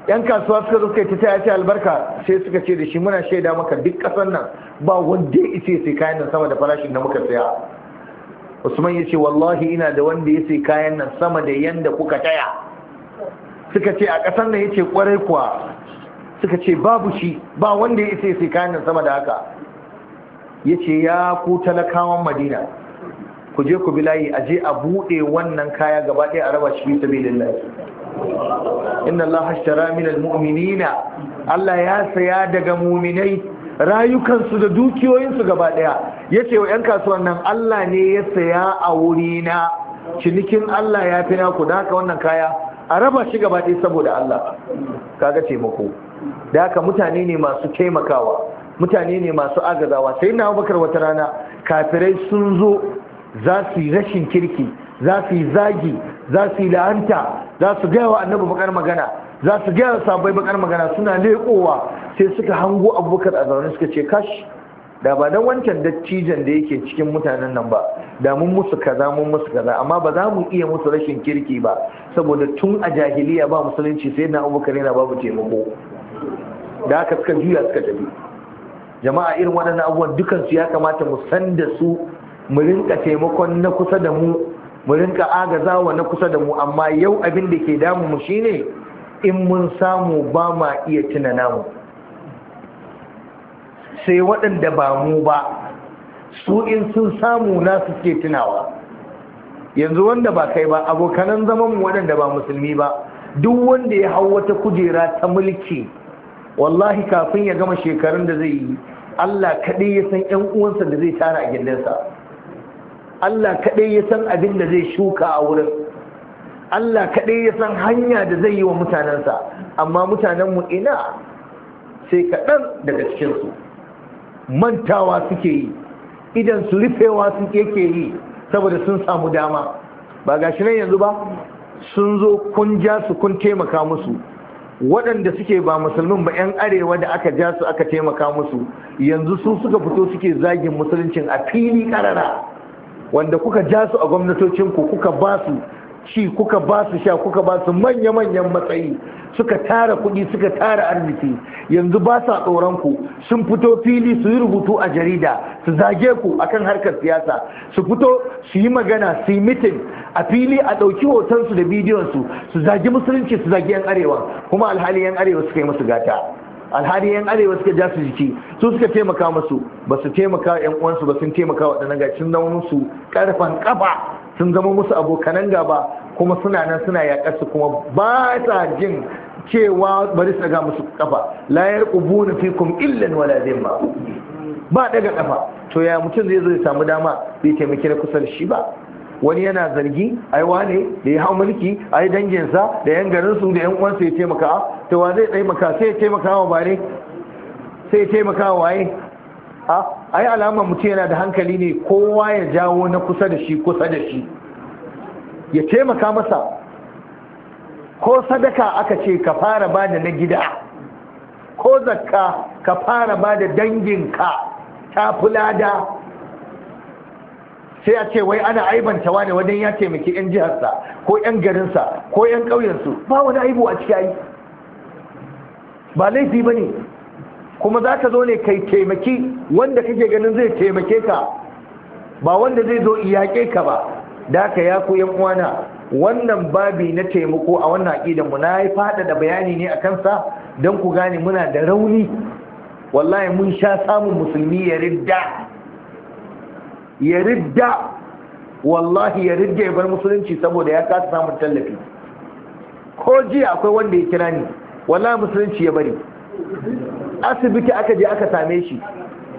yan kasuwa suka zo suka yi ta ya ce albarka sai suka ce da shi muna shaida maka duk kasan nan ba wanda ya ce sai kayan nan sama da farashin da muka saya usman ya ce wallahi ina da wanda ya sai kayan nan sama da yanda kuka taya suka ce a ƙasar nan ce kwarai kuwa suka ce babu shi ba wanda ya isa sai kayan sama da haka yace ya ku talakawan madina ku je ku bilayi layi a je a buɗe wannan kaya gaba ɗaya a raba shi sabilillah inna Allah hashtara min almu'minina Allah ya saya daga mu'minai rayukansu da dukiyoyinsu gaba ɗaya yace wa 'yan kasuwan nan Allah ne ya saya a wurina cinikin Allah ya fi na da haka wannan kaya a raba shi gaba ɗaya saboda Allah kaga taimako da haka mutane ne masu taimakawa mutane ne masu agazawa sai na bakar wata rana kafirai sun zo za su yi rashin kirki za su yi zagi za su yi la'anta za su gaya wa annabi bakar magana za su gaya wa sabai bakar magana suna leƙowa sai suka hango abubakar a zaune suka ce kashi da ba dan wancan dattijan da yake cikin mutanen nan ba da mun musu kaza mun musu kaza amma ba za mu iya musu rashin kirki ba saboda tun a jahiliya ba musulunci sai na abubakar yana babu taimako da aka suka juya suka tafi jama'a irin waɗannan abubuwan dukansu ya kamata mu san da su mu rinka taimakon na kusa da mu mu rinka agazawa na kusa da mu amma yau abin da ke damu mu shine in mun samu ba ma iya tuna namu sai waɗanda ba mu ba su in sun samu nasu ke tunawa yanzu wanda ba kai ba abokanan zaman waɗanda ba musulmi ba duk wanda ya hau wata kujera ta mulki wallahi kafin ya gama shekarun da zai yi Allah kaɗai ya san ‘yan uwansa da zai tara a gindinsa Allah kaɗai ya san abin da zai shuka a wurin Allah kaɗai ya san hanya da zai yi wa mutanensa amma mutanenmu ina sai kaɗan daga cikinsu mantawa suke yi idan su rufewa su yake yi saboda sun samu dama ba ga shi nan yanzu ba sun zo kun ja su kun taimaka musu waɗanda suke ba musulmin ba 'yan arewa da aka ja su aka taimaka musu yanzu su suka fito suke zagin musuluncin a fili ƙarara wanda kuka ja su a gwamnatocinku kuka ba su Shi kuka ba su sha kuka ba su manya-manyan matsayi suka tara kudi suka tara arziki yanzu ba sa tsoron ku sun fito fili su yi rubutu a jarida su zage ku akan harkar siyasa su fito su yi magana su yi mitin a fili a ɗauki hotonsu da bidiyonsu su zage musulunci su zage 'yan arewa kuma alhali 'yan arewa suka yi musu gata alhali yan arewa suka ja su jiki su suka taimaka musu ba su taimaka yan uwansu ba sun taimaka wa ga cin su ƙarfan ƙafa sun zama musu abokanan gaba kuma suna nan suna yaƙar su kuma ba sa jin cewa bari su ga musu kafa la yarqubuna fikum illan wala zimma ba daga kafa to ya mutum zai zo ya samu dama bai taimaki na kusa shi ba wani yana zargi ai wane da ya hau mulki ai danginsa da yan garinsu da yan uwansa ya taimaka to wa zai taimaka sai ya taimaka wa bare sai ya taimaka wa waye a ai alama mutum yana da hankali ne kowa ya jawo na kusa da shi kusa da shi ya taimaka masa ko sadaka aka ce ka fara ba na gida ko zakka ka fara bada da danginka ta fulada sai a ce wai ana aibantawa ne wajen ya taimaki 'yan jiharsa ko 'yan garinsa ko 'yan ƙauyensu ba wani aibu a cikin ba laifi ba ne kuma za ka zo ne kai taimaki wanda kake ganin zai taimake ka ba wanda zai zo iyaƙe ka ba da ka ya ku yan uwana wannan babi na taimako a wannan aƙidan mu na yi faɗaɗa bayani ne a kansa don ku gane muna da rauni wallahi mun sha samun musulmi ya ridda ya ridda wallahi ya ridda ya bar musulunci saboda ya kasa samun tallafi ko jiya akwai wanda ya kira ni wallahi musulunci ya bari asibiti aka je aka same shi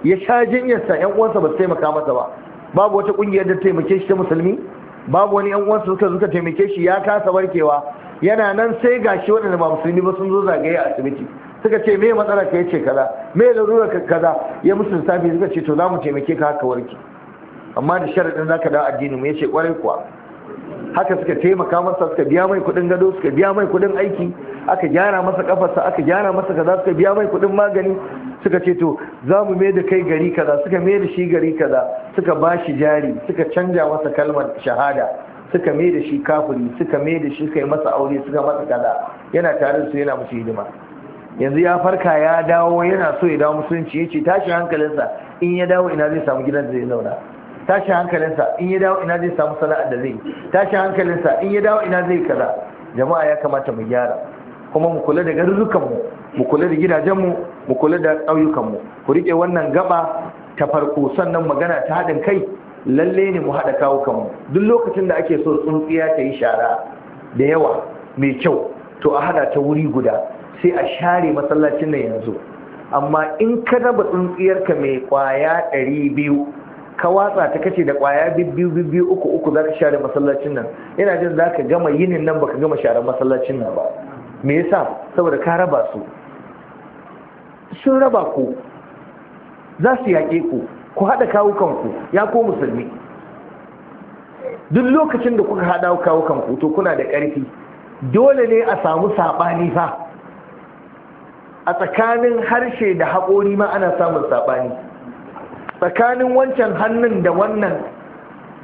ya sha jinyarsa yan uwansa ba su taimaka masa ba babu wata ƙungiyar da taimake shi ta musulmi babu wani yan uwansa suka suka taimake shi ya kasa warkewa yana nan sai gashi waɗanda ba musulmi ba sun zo zagaye a asibiti suka ce me matsala ka yace kaza me larura ka kaza ya musu lissafi suka ce to za mu taimake ka haka warke amma da sharadin zaka dawo addini mu yace kwarai kuwa haka suka taimaka masa suka biya mai kudin gado suka biya mai kudin aiki aka gyara masa kafarsa aka gyara masa kaza suka biya mai kudin magani suka ce to za mu mai da kai gari kaza suka mai da shi gari kaza suka ba shi jari suka canja masa kalmar shahada suka mai da shi kafuri suka mai da shi kai masa aure suka masa kaza yana tare su yana musu hidima yanzu ya farka ya dawo yana so ya dawo musulunci ya ce tashi hankalinsa in ya dawo ina zai samu gidan da zai zauna tashin hankalinsa in ya dawo ina zai samu sana'ar da zai tashin hankalinsa in ya dawo ina zai kaza jama'a ya kamata mu gyara kuma mu kula da garurukanmu mu kula da gidajenmu mu kula da ƙauyukanmu ku riƙe wannan gaba ta farko sannan magana ta haɗin kai lalle ne mu haɗa kawo kanmu duk lokacin da ake so tsuntsiya ta yi shara da yawa mai kyau to a haɗa ta wuri guda sai a share masallacin nan yanzu amma in ka raba tsuntsiyarka mai kwaya ɗari biyu ka watsa ta kace da kwaya bibbiyu bibbiyu uku uku za ka share masallacin nan ina jin za ka gama yinin nan baka gama share masallacin nan ba me yasa saboda ka raba su sun raba ku za su yaƙe ku ku haɗa kawo kanku ya ko musulmi duk lokacin da kuka haɗa kawo kanku to kuna da ƙarfi dole ne a samu saɓani fa a tsakanin harshe da haƙori ma ana samun saɓani tsakanin wancan hannun da wannan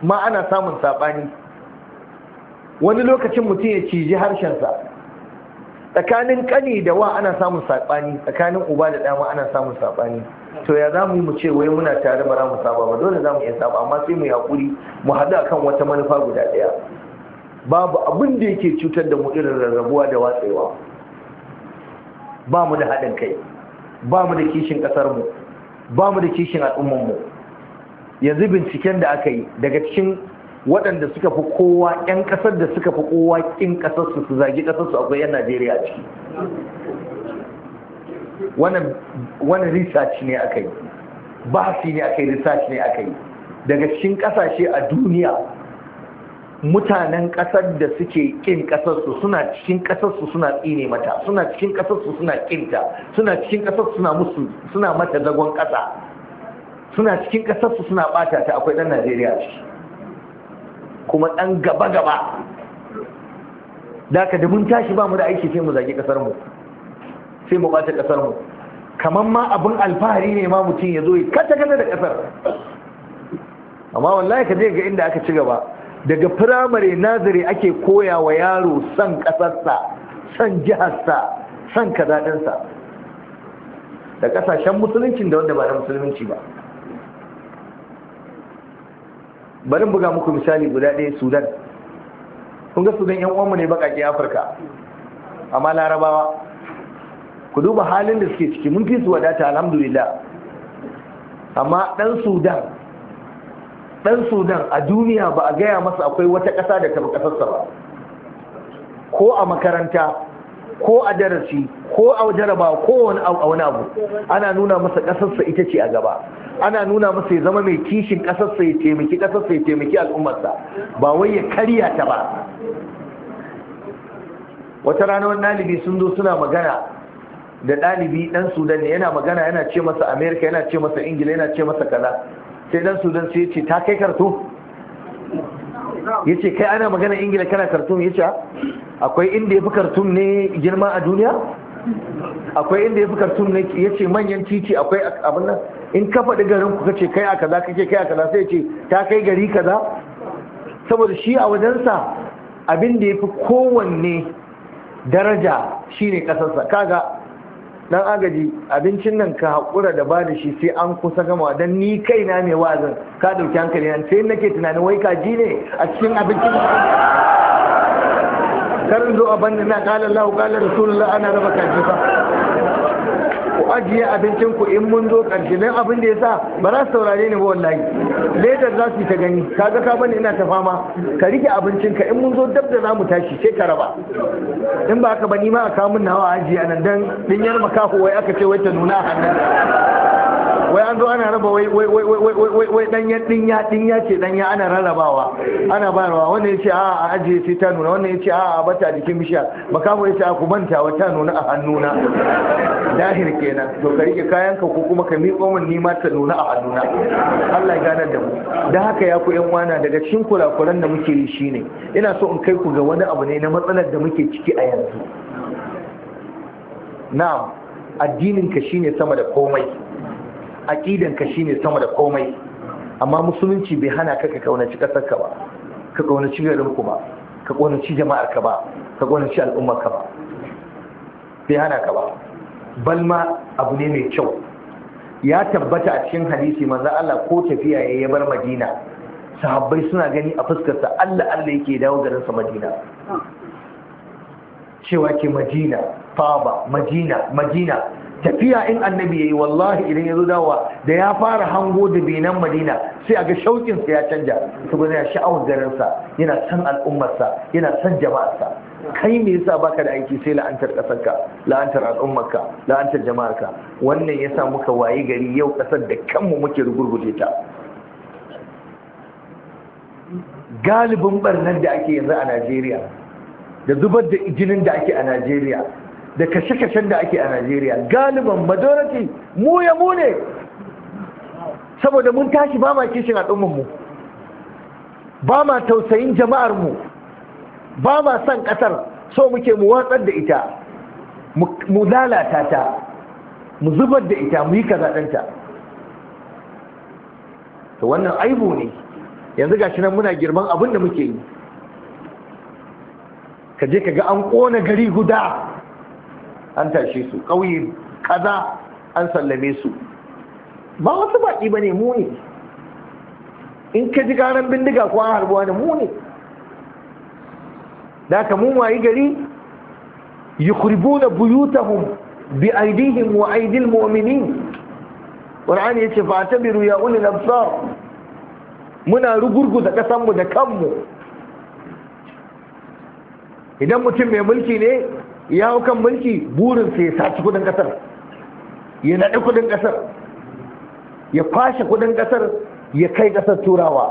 ma ana samun saɓani wani lokacin mutum ya ciji harshensa tsakanin ƙani da wa ana samun saɓani tsakanin uba da dama ana samun saɓani to ya za mu yi ce wai muna tare ba za mu saba ba dole za mu iya saba amma sai mu haƙuri mu haɗu kan wata manufa guda ɗaya babu abin da yake cutar da mu irin rarrabuwa da watsewa ba mu da haɗin kai ba mu da kishin mu. ba mu da kishin al'ummanmu yanzu binciken da aka yi daga cikin waɗanda suka fi kowa 'yan ƙasar da suka fi kowa ƙin ƙasarsu su zagi ƙasarsu akwai 'yan najeriya a ciki wani research ne aka yi bahasi ne aka yi research ne aka yi daga cikin ƙasashe a duniya mutanen ƙasar da suke ƙin ƙasarsu suna cikin ƙasarsu suna tsine mata suna cikin ƙasarsu suna ƙinta suna cikin ƙasarsu suna musu suna mata zagon ƙasa suna cikin ƙasarsu suna ɓata ta akwai ɗan najeriya ciki kuma ɗan gaba-gaba da ka da mun tashi ba mu da aiki sai mu zagi mu sai mu ɓata mu kamar ma abin alfahari ne ma mutum ya zo ya kata kata da ƙasar amma wallahi ka je ga inda aka ci gaba daga firamare nazare ake koya wa yaro son ƙasarsa son jiharsa son kazaɗinsa da ƙasashen musuluncin da wanda ba na musulunci ba barin buga muku misali guda ɗaya sudan kun ga sudan yan uwanmu ne baƙaƙe afirka amma larabawa ku duba halin da suke ciki mun fi su wadata alhamdulillah amma ɗan sudan ɗan sudan a duniya ba a gaya masa akwai wata ƙasa da taɓa ƙasarsa ba ko a makaranta ko a darasi ko a jaraba ko wani abu ana nuna masa ƙasarsa ita ce a gaba ana nuna masa ya zama mai kishin ƙasarsa ya taimaki ƙasarsa ya taimaki al'ummarsa ba wai ya karya ta ba wata rana wani ɗalibi sun zo suna magana da ɗalibi ɗan sudan ne yana magana yana ce masa amerika yana ce masa ingila yana ce masa kaza sai dan sudan sai ce ta kai karto Yace kai ana magana ingila kana kartun yace? Ah, akwai inda ya fi kartun ne girma a duniya akwai inda ya fi kartun ne yace manyan titi akwai abin nan in ka faɗi garin ku kace kai a kaza kace kai a kaza sai ce ta kai gari kaza saboda shi a wajensa abin da ya fi kowanne daraja shine kasarsa kaga dan agaji abincin nan ka haƙura da ba da shi sai an kusa gama don ni kai na mai wazin ka dauki hankali nan sai nake tunanin wai kaji ne a cikin abincin karin zo a banda na kala lahu kala rasulullah ana raba kaji ba. ku ajiye abincin ku in mun zo karshe nan abin da ya sa ba za su saurare ni ba wallahi ledar za su yi ta gani kaga ka bani ina ta fama ka rike abincin ka in mun zo dab da mu tashi sai ka raba in ba ka bani ma a kawo min nawa ajiye nan dan dinyar makaho wai aka ce wai ta nuna a hannun wai an zo ana raba wai wai wai wai wai ya danya dinya dinya ce danya ana rarrabawa ana bayarwa wannan yace a a aje sai ta nuna wannan yace a a bata jikin bishiya makamu yace a ku banta wa ta nuna a hannuna dahir kenan to ka rike ka ko kuma ka miƙo min nima ta nuna a hannuna Allah ya ganar da mu da haka ya ku yan wana daga cikin kurakuran da muke yi shine ina so in kai ku ga wani abu ne na matsalar da muke ciki a yanzu na'am addinin ka shine sama da komai aqidanka ne sama da komai amma musulunci bai hana ka ka kaunaci kasarka ba ka kaunaci garinku ba ka kaunaci jama'arka ba ka kaunaci al'ummarka ba bai hana ka ba balma abu ne mai kyau ya tabbata a cikin hadisi manzo Allah ko tafiya yayin ya bar Madina sahabbai suna gani a fuskarsa Allah Allah yake dawo garin sa Madina cewa ke madina faba madina madina tafiya in annabi yayi wallahi idan ya zo dawa da ya fara hango da binan madina sai a ga shaukin sa ya canja saboda ya sha'awar garin sa yana san al'ummar sa yana san jama'ar sa kai me yasa baka da aiki sai la'antar kasar ka la'antar al'ummar ka la'antar jama'ar ka wannan yasa muka wayi gari yau kasar da kanmu muke rugurguje ta galibin barnar da ake yanzu a Najeriya da zubar da jinin da ake a najeriya da kashe-kashen da ake a najeriya galiban majority mu ya mu ne saboda mun tashi ba ma kishin al'ummanmu ba ma tausayin jama'armu ba ma son ƙasar so muke mu watsar da ita mu lalata ta mu zubar da ita mu yi kazaɗanta to wannan aibu ne yanzu gashi nan muna girman abin da muke yi ka je ka ga an ƙona gari guda an tashe su ƙauye kaza an sallame su ba wasu baƙi ba ne muni in ka ji ƙaran bindiga ko an harbuwa da mu da ka mun wayi gari yukhribuna buyutahum bi aidihim wa aidil mu'minin ce yace ta biru ya ulil absar muna rugurgu da mu da kanmu idan mutum mai mulki ne ya hau kan mulki burin ya saci kudin kasar ya naɗi kudin kasar ya fashe kudin kasar ya kai kasar turawa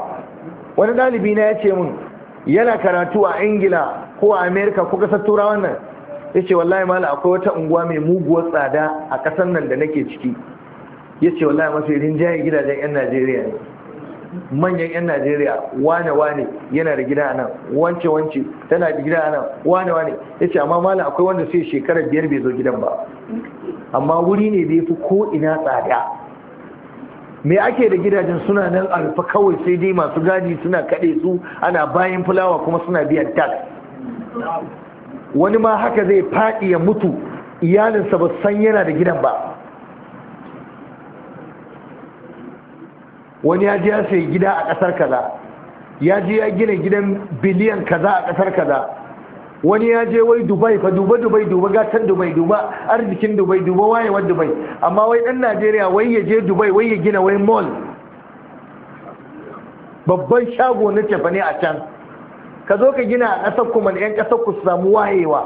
wani ɗalibi na ya ce min yana karatu a ingila ko a amerika ko kasar turawan nan ya ce wallahi mala akwai wata unguwa mai muguwar tsada a kasar nan da nake ciki ya ce wallahi mafi rinjaye gidajen 'yan najeriya ne manyan 'yan najeriya wane-wane yana da gida nan wance-wance tana da gida nan wane-wane ya ce amma malam akwai wanda sai shekara biyar bai zo gidan ba amma wuri ne da ya fi ko'ina tsada me ake da gidajen suna nan alfa kawai sai dai masu gadi suna kaɗe su ana bayan fulawa kuma suna biyan tax wani ma haka zai faɗi ya mutu iyalinsa ba san yana da gidan ba wani ya je ya sai gida a kasar kaza ya ji ya gina gidan biliyan kaza a kasar kaza wani ya je wai dubai fa duba dubai duba gatan dubai duba arzikin dubai duba wayewar dubai amma wai dan najeriya wai ya je dubai wai ya gina wai mall babban shago na cefa ne a can ka zo ka gina a ƙasar kuma 'yan ƙasar ku su samu wayewa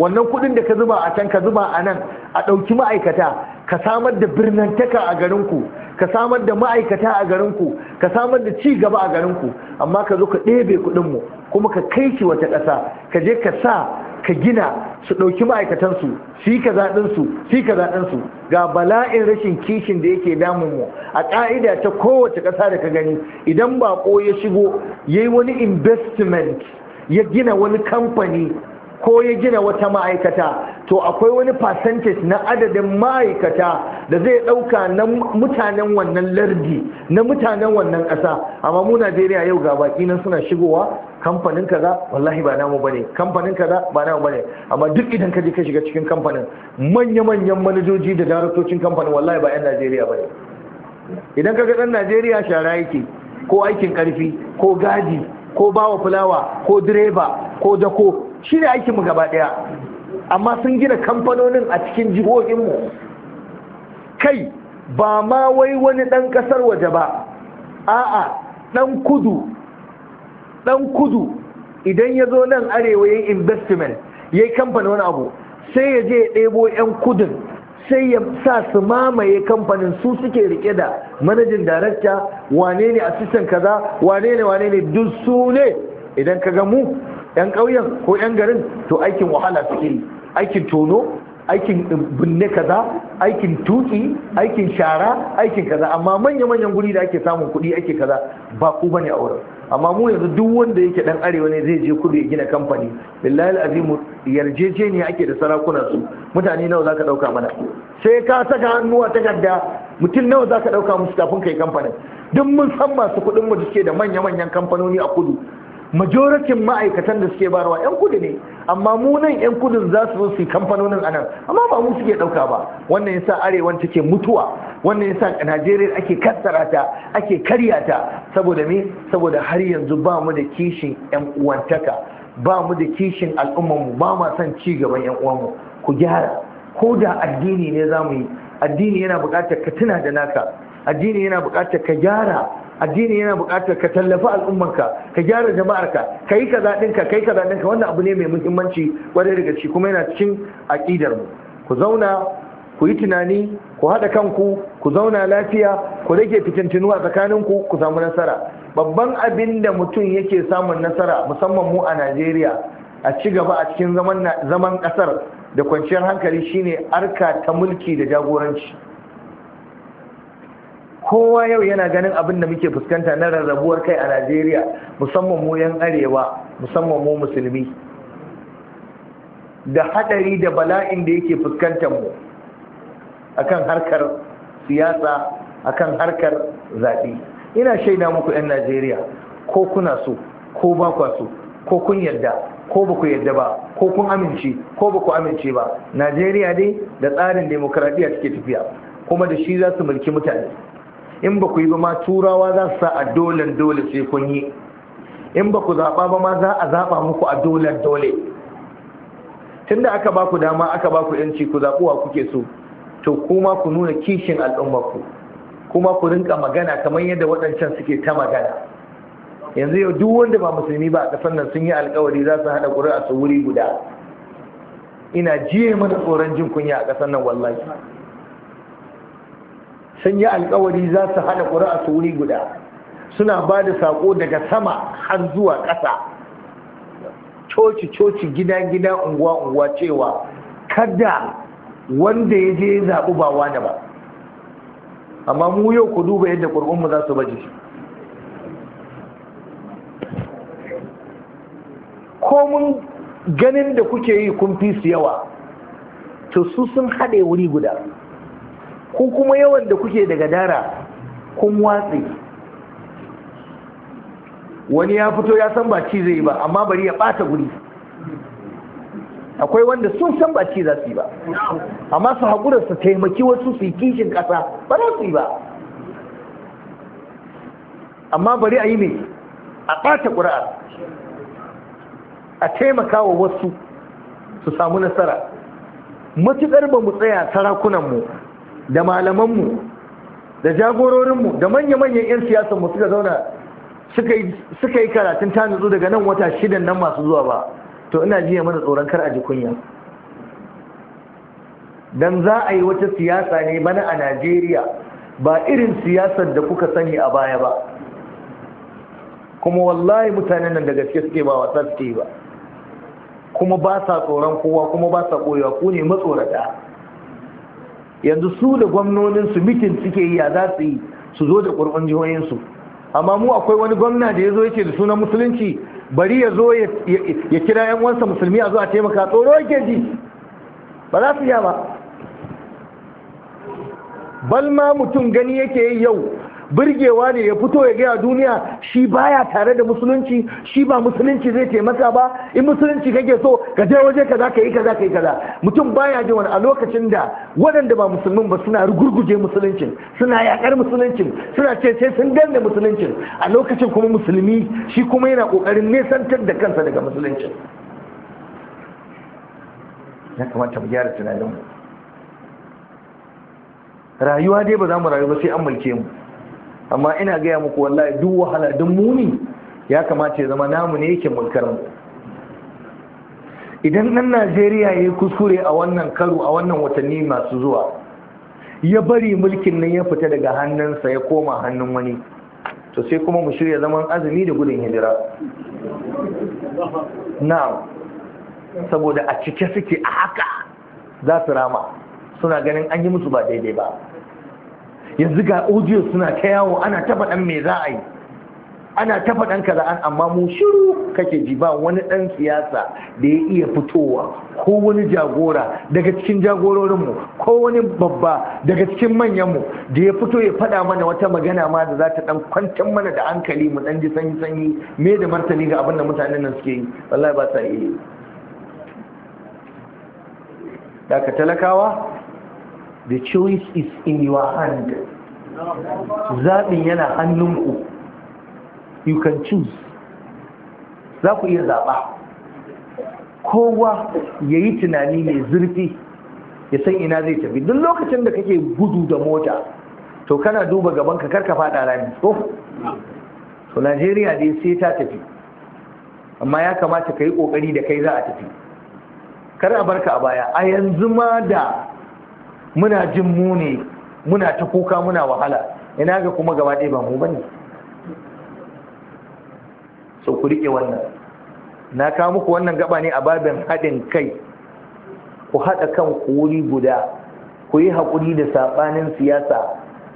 wannan kuɗin da ka zuba a can ka zuba a nan a ɗauki ma'aikata ka samar da birnantaka a garin ku. ka samar da ma'aikata a garin ku. ka samar da ci gaba a garinku amma ka zo ka ɗebe kuɗin mu kuma ka kai shi wata ƙasa ka je ka sa ka gina su ɗauki ma'aikatansu su yi ka ɗinsu su yi ga bala'in rashin kishin da yake damun mu. a ƙa'ida ta kowace ƙasa da ka gani idan baƙo ya shigo ya yi wani investment ya gina wani kamfani ko ya gina wata ma'aikata to akwai wani percentage na adadin ma'aikata da zai ɗauka na mutanen wannan lardi na mutanen wannan ƙasa amma mu najeriya yau ga baki nan suna shigowa kamfanin kaza wallahi ba namu bane kamfanin kaza ba namu bane amma duk idan ka je ka shiga cikin kamfanin manya-manyan manajoji da daraktocin kamfanin wallahi ba 'yan najeriya bane idan ka ga ɗan najeriya shara yake ko aikin ƙarfi ko gadi ko bawa fulawa ko direba ko dako shi ne mu gaba ɗaya amma sun gina kamfanonin a cikin jihohinmu kai ba ma wai wani ɗan ƙasar waje ba a'a ɗan kudu ɗan kudu idan ya zo nan arewa ya investment ya yi kamfanin wani abu sai ya je ya ɗebo 'yan kudin sai ya sa su mamaye kamfanin su suke rike da manajin darakta wane ne cikin kaza wane ne wane ne duk su ne idan ka ga mu yan ƙauyen ko yan garin to aikin wahala su yi aikin tono aikin um, binne kaza aikin tuki aikin shara aikin kaza amma manya-manyan guri da ake samun kuɗi ake kaza ba ku bane a wurin amma mu yanzu duk wanda yake dan arewa ne zai je kudu ya gina kamfani billahi alazim a ake da sarakunan su mutane nawa zaka dauka mana sai ka saka hannuwa takarda mutum nawa zaka dauka musu kafin kai kamfanin duk mun san masu kuɗin mu suke da manya-manyan kamfanoni a kudu majoritin ma'aikatan da suke barawa 'yan kudu ne amma mu nan 'yan kudin za su zo kamfanonin a nan amma ba mu suke ɗauka ba wannan yasa arewan take mutuwa wannan yasa najeriya ake kassara ta ake karya ta saboda me saboda har yanzu ba mu da kishin 'yan uwantaka ba mu da kishin mu, ba ma son ci gaban 'yan uwanmu ku gyara ko da addini ne za mu yi addini yana buƙatar ka tuna da naka addini yana buƙatar ka gyara addini yana buƙatar ka tallafi al'ummarka ka gyara jama'arka ka yi kaza ɗinka ka yi kaza ɗinka wannan abu ne mai muhimmanci kwarai daga ci kuma yana cikin aƙidar mu ku zauna ku yi tunani ku haɗa kanku ku zauna lafiya ku rage fitintinu a tsakaninku ku samu nasara babban abin da mutum yake samun nasara musamman mu a najeriya a ci gaba a cikin zaman ƙasar da kwanciyar hankali shine arka ta mulki da jagoranci kowa yau yana ganin abin da muke fuskanta na rarrabuwar kai a najeriya musamman mu yan arewa musamman mu musulmi da hadari da bala'in da yake fuskantar mu akan harkar siyasa akan harkar zaɓe ina shaida muku 'yan najeriya ko kuna so ko ba kwa so ko kun yarda ko ba ku yarda ba ko kun amince ko ba ku amince ba najeriya dai da tsarin demokradiyya take tafiya kuma da shi za su mulki mutane in ba ku yi ba ma turawa za su sa a dolen dole sai kun yi in ba ku zaɓa ba ma za a zaɓa muku a dolen dole tunda aka ba ku dama aka ba ku yanci ku zaɓuwa kuke so to kuma ku nuna kishin al'ummarku kuma ku rinka magana kamar yadda waɗancan suke ta magana yanzu yau duk wanda ba musulmi ba a ƙasar nan sun yi alkawari za su haɗa ƙuri'a su wuri guda ina jiye mana tsoron jin kunya a ƙasar nan wallahi sun yi alkawari za su hada ƙuri'a su wuri guda suna ba da saƙo daga sama har zuwa ƙasa coci coci gida gida unguwa unguwa cewa kada wanda ya je zaɓi ba wani ba amma mu yau ku duba yadda ƙwarƙunmu za su baje ko mun ganin da kuke yi kun fi su yawa to su sun haɗe wuri guda ko kuma yawan da kuke daga dara kun watsi wani ya fito ya san baci zai ba amma bari ya bata guri akwai wanda sun san baci za su yi ba amma su haƙura su taimaki wasu su yi kishin ƙasa ba za su yi ba amma bari a yi mai a ɓata ƙura'a a taimaka wa wasu su samu nasara matuƙar ba mu tsaya sarakunanmu da malamanmu da jagororinmu da manya-manyan 'yan siyasanmu suka zauna suka yi karatun ta daga nan wata shidan nan masu zuwa ba to ina jiya mana tsoron kar a ji kunya don za a yi wata siyasa ne bana a najeriya ba irin siyasar da kuka sani a baya ba kuma wallahi mutanen nan da gaske suke ba wasa suke ba kuma ba sa tsoron kowa kuma ba sa koyawa ku ne matsorata yanzu su da gwamnonin su mitin suke yi a za su yi su zo da ƙurɓin jihohinsu amma mu akwai wani gwamna da ya zo yake da sunan musulunci bari ya zo ya kira yan wansa musulmi a zo a taimaka tsoro yake ji ba za su iya ba bal mutum gani yake yi yau birgewa ne ya fito ya gaya duniya shi baya tare da musulunci shi ba musulunci zai taimaka ba in musulunci kake so ka je waje kaza ka yi kaza ka yi kaza mutum baya ji wani a lokacin da waɗanda ba musulmin ba suna rugurguje musuluncin suna yakar musuluncin suna ce sai sun danne musuluncin a lokacin kuma musulmi shi kuma yana kokarin nesantar da kansa daga musuluncin ya kamata mu gyara tunaninmu rayuwa dai ba za mu rayu ba sai an mulke mu amma ina gaya muku wallahi duk wahala duk muni ya kamata ya zama namu ne yake mulkar mu idan nan najeriya ya kuskure a wannan karo a wannan watanni masu zuwa ya bari mulkin nan ya fita daga hannunsa ya koma hannun wani to sai kuma mu shirya zaman azumi da gudun hijira na'am saboda a cike suke a haka za su rama suna ganin an yi musu ba daidai ba yanzu ga audio suna ta yawo ana ta faɗan me za a yi ana ta faɗan kaza an amma mu shiru kake ji ba wani ɗan siyasa da ya iya fitowa ko wani jagora daga cikin jagororinmu ko wani babba daga cikin manyanmu da ya fito ya faɗa mana wata magana ma da za ta ɗan kwantar mana da hankali mu ɗan ji sanyi sanyi me da martani ga abin da mutanen nan suke yi wallahi ba sa iya daga talakawa the choice is in your hand zaɓin yana hannunku you can choose za ku iya zaɓa kowa ya yi tunani mai zurfi ya san ina zai tafi duk lokacin da kake gudu da mota to kana duba gaban ka karka faɗa rami so? to najeriya dai sai ta tafi amma ya kamata ka yi ƙoƙari da kai za a tafi kar a barka a baya a yanzu ma da muna jin muni ne muna ta kuka muna wahala ina ga kuma gaba ɗaya ba mu bane so ku riƙe wannan na kawo muku wannan gaba ne a babin haɗin kai ku haɗa kan wuri guda ku yi haƙuri da saɓanin siyasa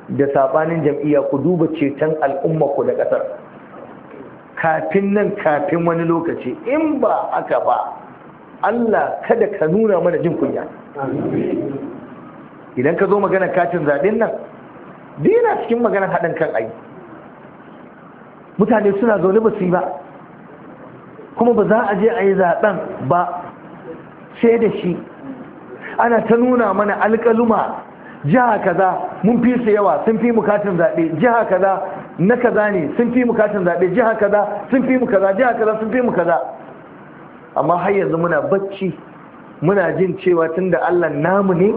da saɓanin jam'iyya ku duba ceton al'umma ku da ƙasar kafin nan kafin wani lokaci in ba haka ba Allah kada ka nuna mana jin kunya idan ka zo magana katin zaɓen nan dina cikin maganar haɗin kan ayi mutane suna zaune ba su yi ba kuma ba za a je a yi zaɓen ba sai da shi ana ta nuna mana alƙaluma jiha kaza mun fi su yawa sun fi mukatan zaɓe jiha kaza na kaza ne sun fi mukatan zaɓe jiha kaza sun fi mu kaza jiha kaza sun fi mu kaza amma har yanzu muna bacci muna jin cewa tun da Allah namu ne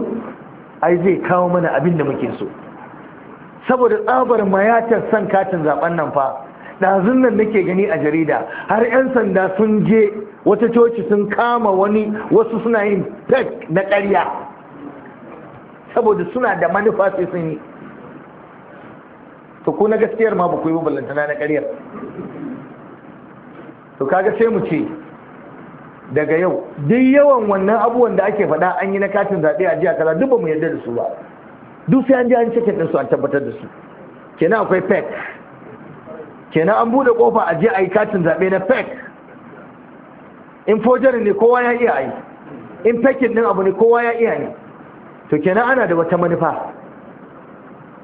ai zai kawo mana abin da muke so saboda tsabar mayatar san katin zaben nan fa ɗazun nan nake gani a jarida har 'yan sanda sun je wata coci sun kama wani wasu suna yin pek na ƙarya saboda suna da manufa sai sun yi to ko na gaskiyar ma ba ku yi ballantana na ƙaryar to kaga sai mu ce daga yau duk yawan wannan abubuwan da ake faɗa an yi na katin zaɓe a jiya kaza duk mu yadda da su ba duk sai an je an cikin ɗinsu an tabbatar da su kenan akwai pec kenan an buɗe ƙofa a jiya a yi katin zaɓe na pec in fojarin ne kowa ya iya yi in pekin ɗin abu ne kowa ya iya ne to kenan ana da wata manufa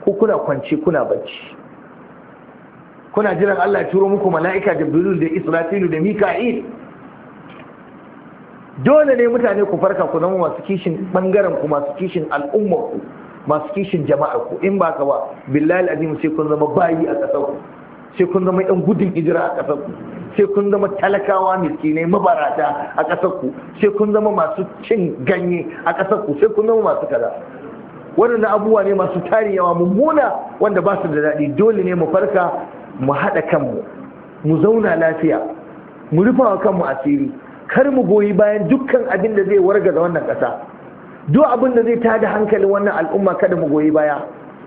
ko kuna kwanci kuna bacci kuna jiran Allah ya turo muku mala'ika Jibrilu da Israfilu da Mika'il dole ne mutane ku farka ku zama masu kishin bangaren ku masu kishin al'ummar ku masu kishin jama'ar ku in ba ka ba billahi azim sai kun zama bayi a ƙasar ku sai kun zama yan gudun hijira a ƙasar ku sai kun zama talakawa miskine mabarata a ƙasar ku sai kun zama masu cin ganye a ƙasar ku sai kun zama masu kaza waɗannan abubuwa ne masu tarin yawa mummuna wanda ba su da daɗi dole ne mu farka mu haɗa kanmu mu zauna lafiya mu rufa wa kanmu asiri kar mu goyi bayan dukkan abin da zai wargaza wannan ƙasa duk abin da zai tada hankalin wannan al'umma kada mu goyi baya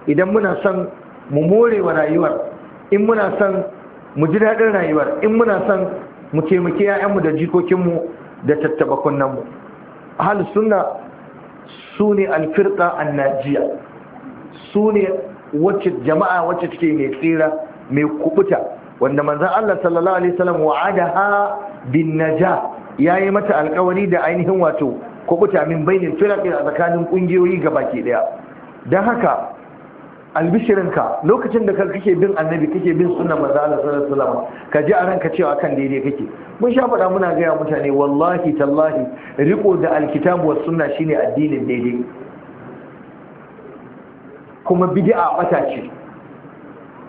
idan muna son mu more wa rayuwar in muna son mu ji daɗin rayuwar in muna son mu taimaki mu da jikokinmu da tattaba kunnenmu ahal sunna su ne alfirka annajiya su ne wacce jama'a wacce take mai tsira mai kubuta wanda manzan Allah sallallahu alaihi wasallam wa'adaha bin najah ya yi mata alkawari da ainihin wato kubuta min bainin firakin a tsakanin kungiyoyi ga baki daya don haka albishirinka lokacin da kake bin annabi kake bin Sunna manzo Allah sallallahu alaihi wasallam ka ji a ranka cewa kan daidai kake mun sha faɗa muna gaya mutane wallahi tallahi riko da alkitabu was sunna shine addinin daidai kuma bid'a bata ce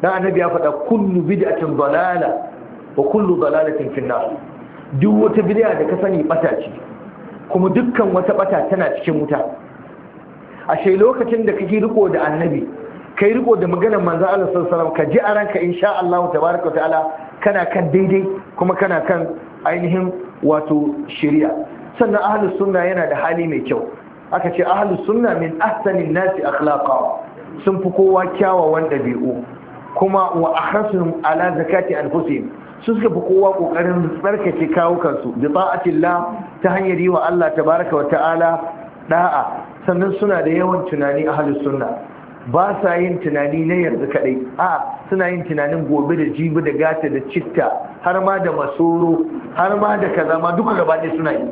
dan annabi ya faɗa kullu bid'atin dalala wa kullu dalalatin fi duk wata bid'a da ka sani bata ce kuma dukkan wata bata tana cikin wuta ashe lokacin da kake riko da annabi kai riko da maganar manzo Allah sallallahu alaihi ka ji a ranka insha Allah wa ta'ala kana kan daidai kuma kana kan ainihin wato shari'a sannan ahlus sunna yana da hali mai kyau aka ce ahlus sunna min ahsanin nasi akhlaqa sun fi kowa kyawawan ɗabi'u kuma wa ahrasun ala zakati anfusihim su suka fi kowa kokarin tsarkake kawukansu da bi la ta hanyar yi wa Allah baraka wa ta'ala da'a sannan suna da yawan tunani a halin suna, ba sa yin tunani na yanzu kadai a suna yin tunanin gobe da jibi da gata da citta har ma da masoro har ma da kaza ma duka gaba ɗaya suna yi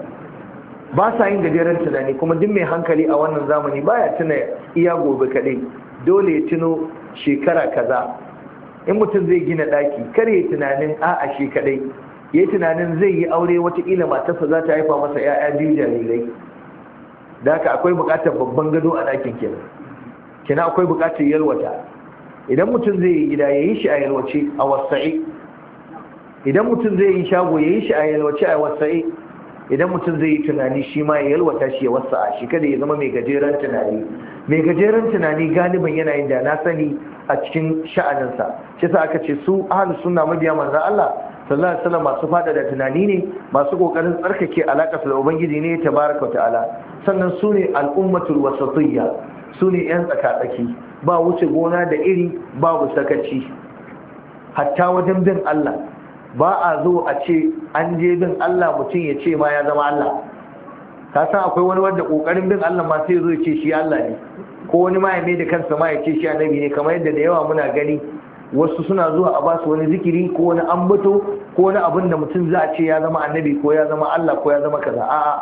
ba sa yin gajeren tunani kuma duk mai hankali a wannan zamani baya tuna iya gobe kaɗai dole ya tuno shekara kaza in mutum zai gina ɗaki kar yi tunanin a'a shi kadai ya yi tunanin zai yi aure watakila matarsa za ta haifa masa 'ya'ya biyu jarirai da haka akwai buƙatar babban gado a ɗakin kenan kina akwai buƙatar yalwata idan mutum zai yi gida ya yi shi a yalwace a wasa'i idan mutum zai yi shago ya yi shi a yalwace a wasa'i idan mutum zai yi tunani shi ma ya yalwata shi ya wasa shi kada ya zama mai gajeren tunani mai gajeren tunani galiban yana yin da na sani a cikin sha'aninsa shi sa aka ce su ahlus sunna mabiya manzan Allah sallallahu alaihi wasallam masu fada da tunani ne masu kokarin tsarkake alaka da ubangiji ne tabaraka wa ta'ala sannan su ne al'ummatul wasatiyya su ne yan tsakatsaki ba wuce gona da iri babu sakaci hatta wajen bin Allah ba a zo a ce an je bin Allah mutum ya ce ma ya zama Allah ka san akwai wani wanda kokarin bin Allah ma sai zo ya ce shi Allah ne ko wani ma ya mai da kansa ma ya ce shi annabi ne kamar yadda da yawa muna gani wasu suna zuwa a basu wani zikiri ko wani ambato ko wani abin da mutum za a ce ya zama annabi ko ya zama Allah ko ya zama kaza a'a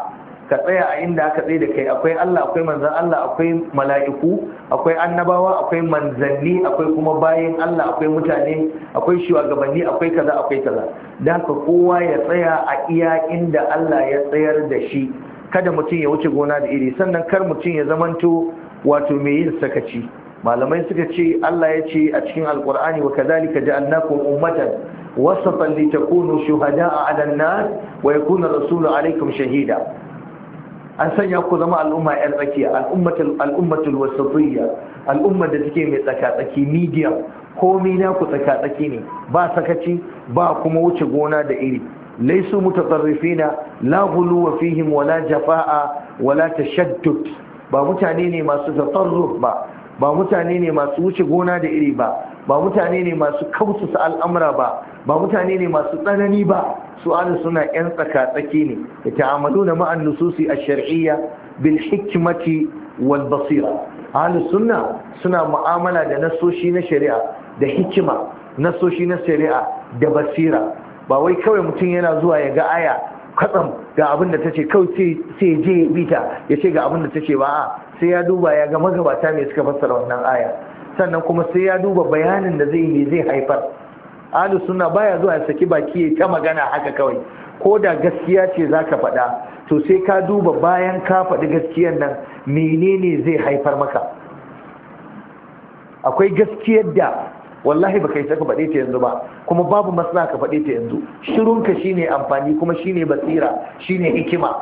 ka tsaya a inda aka tsaye da kai akwai Allah akwai manzan Allah akwai mala'iku akwai annabawa akwai manzanni akwai kuma bayan Allah akwai mutane akwai shugabanni akwai kaza akwai kaza dan ka kowa ya tsaya a iya inda Allah ya tsayar da shi kada mutum ya wuce gona da iri sannan kar mutum ya zamanto wato mai yin sakaci malamai suka ce Allah ya ce a cikin alkur'ani wa kadhalika ja'alnakum ummatan wasatan litakunu shuhada'a 'ala an-nas wa yakuna rasulu 'alaykum shahida an sanya ku zama al'umma yan tsakiya al'ummatul wasatiyya al'ummar da take mai tsaka-tsaki medium komai na ku tsaka-tsaki ne ba sakaci ba kuma wuce gona da iri laisu mutatarrifina la wa fihim wala jafa'a wala tashaddud ba mutane ne masu tatarruf ba ba mutane ne masu wuce gona da iri ba ba mutane ne masu kautusa al'amura ba ba mutane ne masu tsanani ba su ana suna yan tsaka-tsaki ne da ta'amalu na ma'an nususi a shari'iyya bil hikimati wal basira ahalus sunna suna mu'amala da nasoshi na shari'a da hikima nasoshi na shari'a da basira ba wai kawai mutum yana zuwa ya ga aya katsam ga abin da ta ce, kawai sai je ya bita ya ce ga abin da ta ce ba sai ya duba ya ga magabata me suka fassara wannan aya sannan kuma sai ya duba bayanin da zai yi zai haifar ahlus suna baya zuwa ya saki baki ta magana haka kawai ko da gaskiya ce za ka faɗa to sai ka duba bayan ka faɗi gaskiyar nan menene zai haifar maka akwai gaskiyar da wallahi baka kai saka faɗe ta yanzu ba kuma babu masana ka faɗe ta yanzu shirunka shine amfani kuma shine basira shine hikima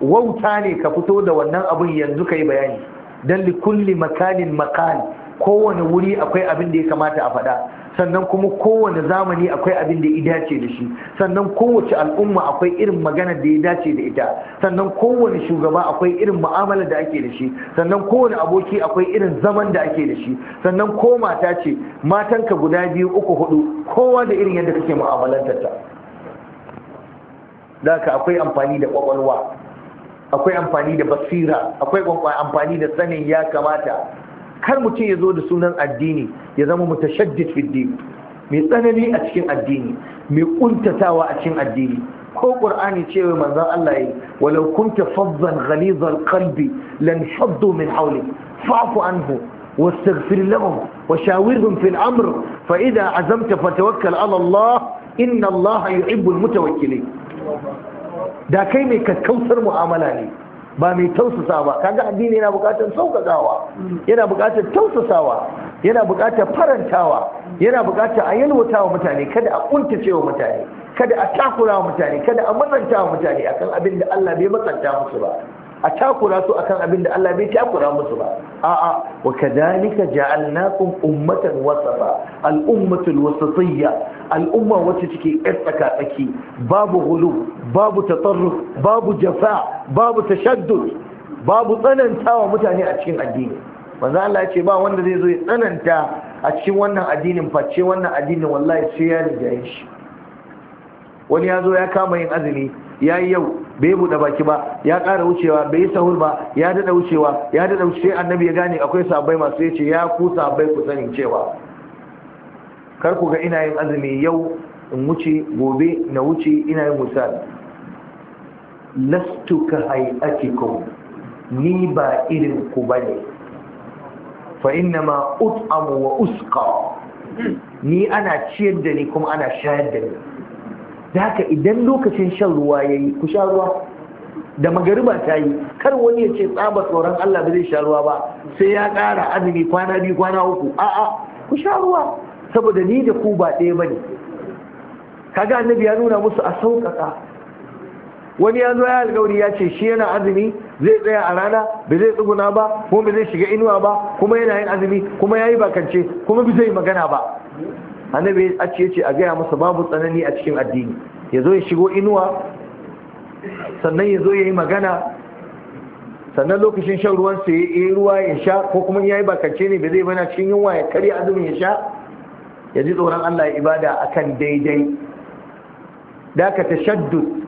wauta ne ka fito da wannan abin yanzu ka yi bayani don kulli makanin makani kowane wuri akwai abin da ya kamata a faɗa sannan kuma kowane zamani akwai abin da ya dace da shi sannan kowace al'umma akwai irin magana da ya dace da ita sannan kowane shugaba akwai irin mu'amala da ake da shi sannan kowane aboki akwai irin zaman da ake da shi sannan ko mata ce matanka guda biyu uku hudu kowa da irin yadda kake mu'amalantar ta da akwai amfani da kwakwalwa akwai amfani da basira akwai amfani da sanin ya kamata kar mutum ya zo da sunan addini ya zama mutashaddid fi din mai tsanani a cikin addini mai kuntatawa a cikin addini ko qur'ani cewa manzon Allah yi walau kunta fazzan kalbi qalbi lan faddu min hawli fa'fu anhu واستغفر لهم وشاورهم في الأمر فإذا عزمت فتوكل على الله إن الله يحب المتوكلين da kai mai kakkausar mu'amala ne ba mai tausasa ba kaga addini yana bukatar saukakawa yana bukatar tausasawa yana bukatar farantawa yana bukatar a yalwata wa mutane kada a ƙuntace wa mutane kada a takura wa mutane kada a matsanta wa mutane akan abin da Allah bai matsanta musu ba a takura su akan abin da Allah bai takura musu ba a'a wa kadalika ja'alnakum ummatan wasafa al-ummatul wasatiyya al'umma wacce take yar tsaka-tsaki babu hulu babu tatsarruf babu jafa babu tashaddud babu tsanantawa mutane a cikin addini manzo Allah ya ce ba wanda zai zo ya tsananta a cikin wannan addinin face wannan addinin wallahi sai ya riga shi wani ya zo ya kama yin azumi ya yi yau bai buɗe baki ba ya ƙara wucewa bai yi sahur ba ya dada wucewa ya dada wuce annabi ya gane akwai sabai masu yace ya ku sabai ku sanin cewa kar ku ga ina yin azumi yau in wuce gobe na wuce ina yin misali lastu ka hayatikum ni ba irin ku bane fa innama ut'amu wa usqa ni ana ciyar da ni kuma ana shayar da ni da haka idan lokacin shan ruwa yayi ku sha ruwa da magariba ta yi kar wani ya ce tsaba tsoron Allah ba zai sha ruwa ba sai ya ƙara azumi kwana biyu kwana uku a'a ku sha ruwa saboda ni da ku ba ɗaya ba bane ga annabi ya nuna musu a sauƙaƙa wani ya zo ya alƙawari ya ce shi yana azumi zai tsaya a rana ba zai tsuguna ba ko ba zai shiga inuwa ba kuma yana yin azumi kuma ya yi bakance kuma ba zai magana ba annabi ya ce ce a gaya masa babu tsanani a cikin addini ya zo ya shigo inuwa sannan ya zo ya yi magana sannan lokacin shan sai ya yi ruwa ya sha ko kuma ya yi bakance ne ba zai bana cikin yunwa ya karya azumin ya sha ya ji tsoron Allah ya ibada kan daidai da ka shaddu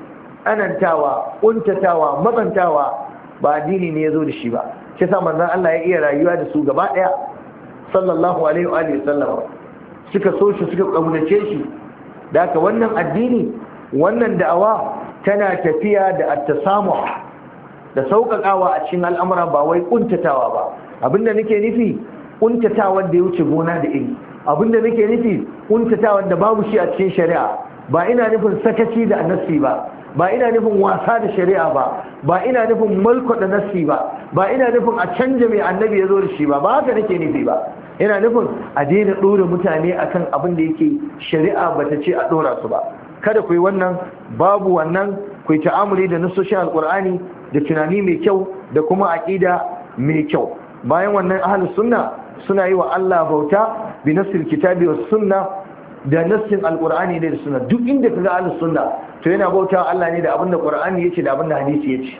anantawa ƙuntatawa mazantawa ba addini ne ya zo da shi ba shi sa zan Allah ya iya rayuwa da su gaba daya sallallahu alaihi wa sallam suka so shi suka kaunace shi da ka wannan addini wannan da'awa tana tafiya da attasamu da sauƙaƙawa a cikin al'amura ba wai ƙuntatawa ba abinda nake nufi ƙuntatawa da ya wuce gona da iri abinda nake nufi kuntatawa wanda babu shi a cikin shari'a ba ina nufin sakaci da annasi ba ba ina nufin wasa da shari'a ba ba ina nufin mulko da nasi ba ba ina nufin a canja mai annabi ya zo da shi ba ba haka nake nufi ba ina nufin a daina ɗora mutane akan abin da yake shari'a ba ta ce a ɗora su ba kada ku yi wannan babu wannan ku yi ta'amuli da nasoshin alƙur'ani da tunani mai kyau da kuma aƙida mai kyau bayan wannan ahlus sunna suna yi wa Allah bauta bi nassil kitabi was sunna da nassin alqur'ani da sunna duk inda kaga ahlus sunna to yana bauta Allah ne da abinda qur'ani yace da abinda hadisi yace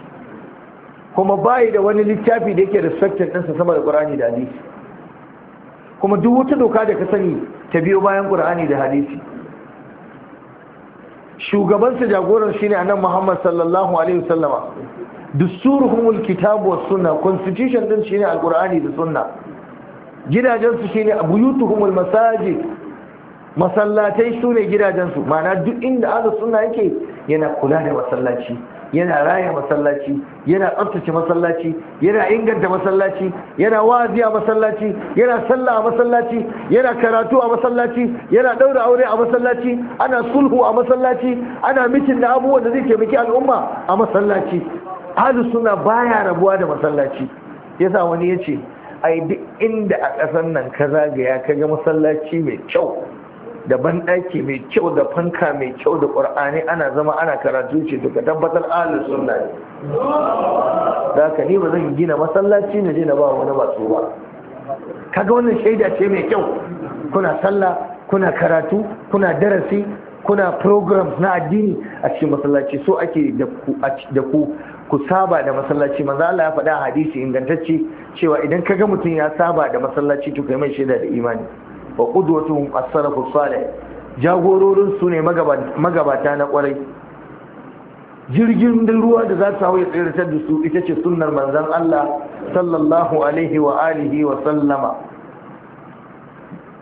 kuma bai da wani littafi da yake din sa sama da qur'ani da hadisi kuma duk wata doka da ka sani ta biyo bayan qur'ani da hadisi sa jagoran shine annabi Muhammad sallallahu alaihi wasallama dusturuhumul kitabu was sunna constitution din shine alqur'ani da sunna gidajensu shi ne shine tuhumar masajid masallatai su ne gidajensu mana duk inda aza suna yake yana kula da masallaci yana raya masallaci yana tsaftace masallaci yana inganta masallaci yana wazi a masallaci yana sallah a masallaci yana karatu a masallaci yana daura aure a masallaci ana sulhu a masallaci ana mitin da abubuwan da zai taimaki al'umma a masallaci hadu suna baya rabuwa da masallaci yasa wani ya ce ai duk inda a ƙasar nan ka zagaya ka ga masallaci mai kyau da banɗaki mai kyau da fanka mai kyau da ƙwar'ani ana zama ana karatu ce daga tabbatar ahalin sunna ne da ka ni ba zan gina masallaci na je na ba wani masu ba kaga wannan shaida ce mai kyau kuna sallah kuna karatu kuna darasi kuna program na addini a cikin masallaci so ake da ku ku saba da masallaci manzo Allah ya faɗa hadisi ingantacce cewa idan kaga mutum ya saba da masallaci to kai mai shaida da imani wa qudwatuhum as salafus salih jagororin su ne magabata na kwarai jirgin ruwa da za ta hau ya tsayar da su ita ce sunnar manzon Allah sallallahu alaihi wa alihi wa sallama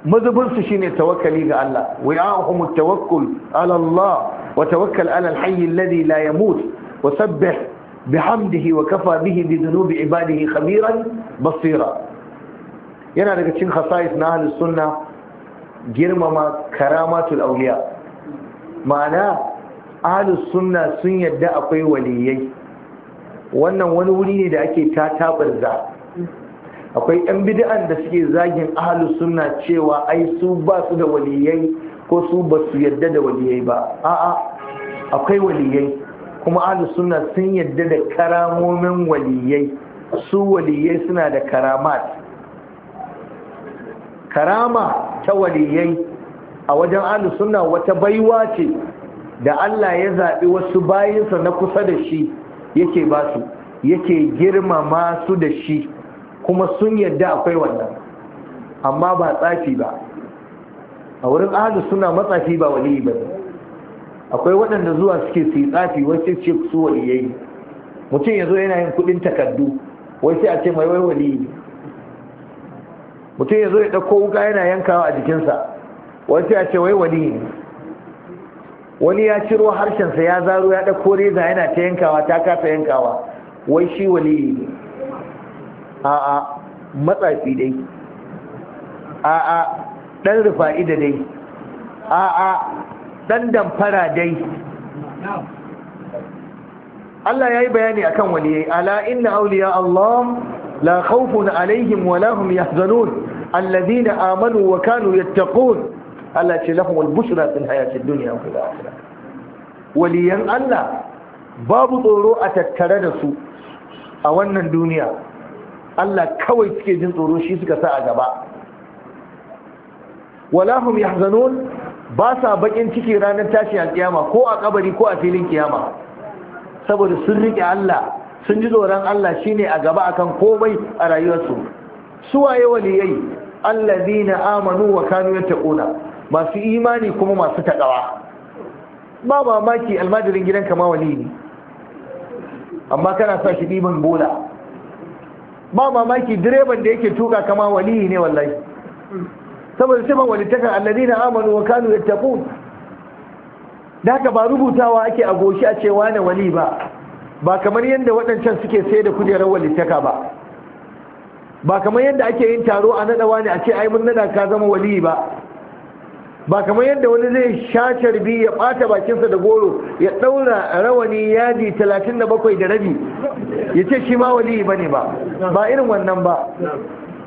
mazubinsu shine tawakkali ga Allah wi'ahum tawakkul ala Allah wa tawakkal ala al-hayy alladhi la yamut wa sabbih bihamdihi wa kafa bihi bi dhunubi ibadihi khabiran basira yana daga cikin khasa'is na ahlus sunna girmama karamatul awliya ma'ana ahlus sunna sun yadda akwai waliyai wannan wani wuri ne da ake tatabarza akwai yan bid'an da suke zagin ahlus sunna cewa ai su ba su da waliyai ko su ba su yadda da waliyai ba a'a akwai waliyai kuma ahlus sunna sun yadda da karamomin waliyai su waliyai suna da karamat karama ta waliyai a wajen ahlus sunna wata baiwa ce da Allah ya zaɓi wasu bayinsa na kusa da shi yake ba su yake girmama su da shi kuma sun yadda akwai wannan amma ba tsafi ba a wurin ahalus suna matsafi ba wali ba akwai waɗanda zuwa suke su yi tsafi wasu ce su waliyai mutum ya zo yana yin kuɗin takardu wai sai a ce mai wai wali ne mutum ya zo ya ɗauko wuka yana yankawa a jikinsa wai sai a ce wai wali ne wani ya ciro harshensa ya zaro ya ɗauko reza yana ta yankawa ta kasa yankawa wai shi wali ne a'a matsafi dai a'a dan rufa'ida dai a'a dan damfara dai Allah ya yi bayani a kan wani ala inna auliya Allah la khawfun alaihim wa lahum yahzanun allazina amanu wa kanu yattaqun Allah ce lahum al-bushra fil hayatid dunya wa fil akhirah Allah babu tsoro a tattare da su a wannan duniya Allah kawai suke jin tsoro shi suka sa a gaba wala hum yahzanun ba sa bakin ciki ranar tashi a kiyama ko a kabari ko a filin kiyama saboda sun riƙe Allah sun ji tsoron Allah shine a gaba akan komai a rayuwarsu su waye waliyai allazina amanu wa kanu yattaquna masu imani kuma masu takawa ba mamaki almajirin gidan kama wali ne amma kana sa shi ɗiban bola ba mamaki direban da yake tuka kama waliyi ne wallahi saboda sifan walittakan alladina amanu wa kanu yattaqun da haka ba rubutawa ake a goshi a cewa na wali ba ba kamar yadda waɗancan suke sai da kujerar walitaka ba ba kamar yadda ake yin taro a naɗawa ne a ce ai mun naɗa ka zama wali ba ba kamar yadda wani zai sha carbi ya ɓata bakinsa da goro ya daura rawani yadi talatin da bakwai da rabi ya ce shi ma waliyi ba ne ba ba irin wannan ba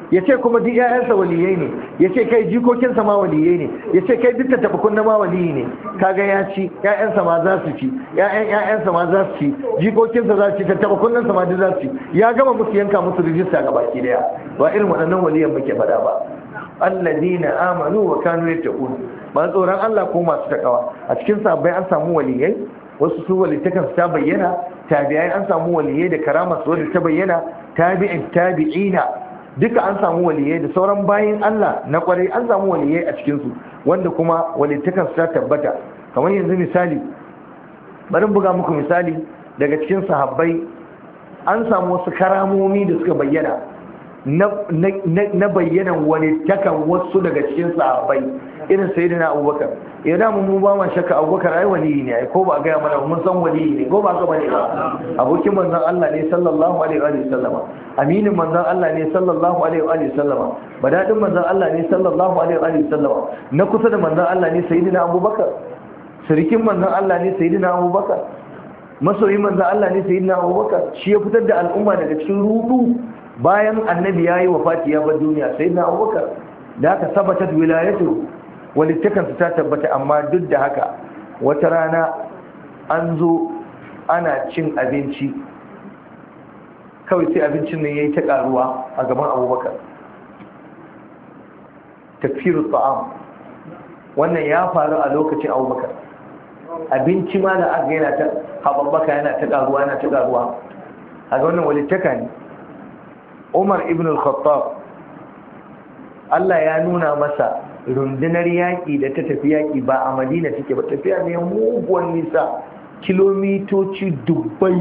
ya ce kuma duk 'ya'yansa waliyai ne ya ce kai jikokinsa ma waliyai ne ya ce kai dukkan tafakun na ma waliyi ne kaga ya ci 'ya'yansa ma za su ci 'ya'yan 'ya'yansa ma za su ci jikokinsa za su ci tafakun nan ma duk za su ci ya gama musu yanka musu rijista ga baki daya ba irin waɗannan waliyan muke faɗa ba alladina amanu wa kanu yattaqun ba tsoron Allah ko masu takawa a cikin sabai an samu waliyai wasu su walitakan ta bayyana tabi'ai an samu waliyai da karama su wadda ta bayyana tabi'in tabi'ina duka an samu waliyai da sauran bayin Allah na kwarai an samu waliyai a cikin su wanda kuma walitakan ta tabbata kamar yanzu misali bari buga muku misali daga cikin sahabbai an samu wasu karamomi da suka bayyana na bayyanan wani takan wasu daga cikin sahabbai irin sai da abubakar ya na mu ba ma shakka abubakar ai wani ne ai ko ba gaya mana mun san wani ne ko ba ka bane ba abokin manzon Allah ne sallallahu alaihi wa sallama aminin manzon Allah ne sallallahu alaihi wa sallama badadin manzon Allah ne sallallahu alaihi wa sallama na kusa da manzon Allah ne sayyidina abubakar sirikin manzon Allah ne sayyidina abubakar masoyin manzon Allah ne sayyidina abubakar shi ya fitar da al'umma daga cikin rudu bayan annabi ya wa wafati ya bar duniya sai na abubakar da aka sabata wilayatu walittakansa ta tabbata amma duk da haka wata rana an zo ana cin abinci kawai sai abincin nan yi ta karuwa a gaban abubakar tafiyar ta'am wannan ya faru a lokacin abubakar abinci ma da aka yana ta haɓaɓɓaka yana ta ƙaruwa yana ta karuwa a ga wannan walittaka ne umar ibn al-khattab Allah ya nuna masa rundunar yaƙi da ta tafi yaƙi ba a madina take ba tafiya ne muguwan nisa kilomitoci dubbai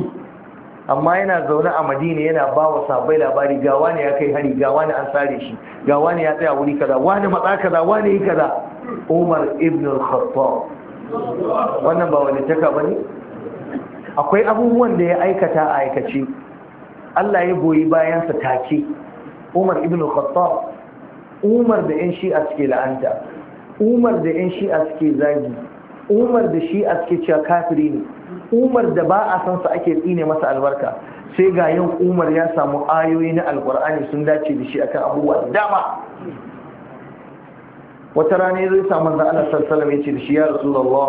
amma yana zaune a madina yana ba wa sabai labari ga wani ya kai hari ga wani an sare shi ga wani ya tsaya wuri kaza wani matsa kaza wani yi kaza umar ibn al-khattab wannan ba wani taka ne? akwai abubuwan da ya aikata a aikace Allah ya goyi bayansa take Umar ibn Khattab Umar da yan shi'a suke la'anta Umar da yan shi'a suke zagi Umar da shi'a suke cewa kafiri ne Umar da ba a san sa ake tsine masa albarka sai ga yin Umar ya samu ayoyi na Alƙur'ani sun dace da shi akan abubuwa dama wata rana zai samu manzo Allah sallallahu alaihi wasallam ya ce da shi ya Rasulullah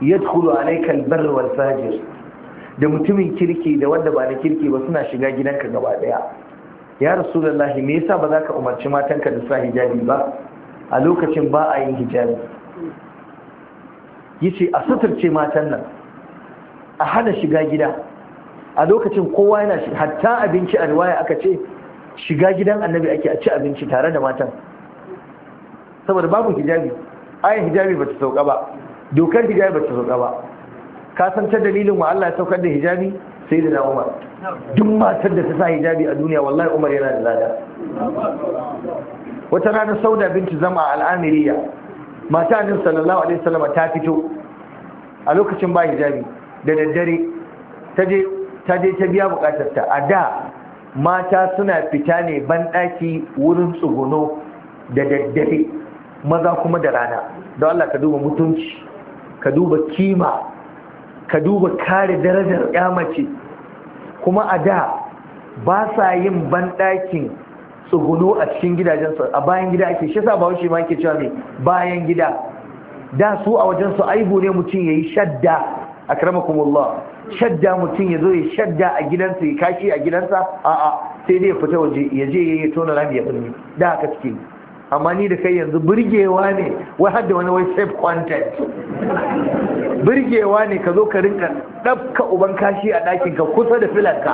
yadkhulu alayka al wal fajir da mutumin kirki da wanda ba na kirki ba suna shiga gidanka gaba daya ya rasulullahi me yasa ba za ka umarci matanka da sa hijabi ba a lokacin ba a yin hijabi yace a suturce matan nan a hana shiga gida a lokacin kowa yana shi hatta abinci a riwaya aka ce shiga gidan annabi ake a ci abinci tare da matan saboda babu hijabi ayin hijabi ba ta sauka ba dokar hijabi ba ta sauka ba ka ta dalilin wa Allah ya saukar da hijabi sai da Umar duk matar da ta sa hijabi a duniya wallahi Umar yana da lada wata rana Sauda binti Zama a amiriya mata Annabi sallallahu alaihi wasallam ta fito a lokacin ba hijabi da daddare ta je ta je ta biya bukatarta a da mata suna fita ne ban daki wurin tsuguno da daddare maza kuma da rana don Allah ka duba mutunci ka duba kima ka duba kare darajar ya mace kuma a da ba sa yin banɗakin tsuguno a cikin gidajensu a bayan gida ake shi sa ba wuce ma ke cewa ne bayan gida da su a wajen su aibu ne mutum ya yi shadda a karamakumullah shadda mutum ya zo ya shadda a gidansa ya kashi a gidansa a'a sai dai ya fita waje ya je ya yi tona rami ya birni da haka cikin amma ni da kai yanzu burgewa ne wai hadda wani wai safe content burgewa ne ka zo ka rinka ɗafka uban kashi a ɗakinka kusa da filanka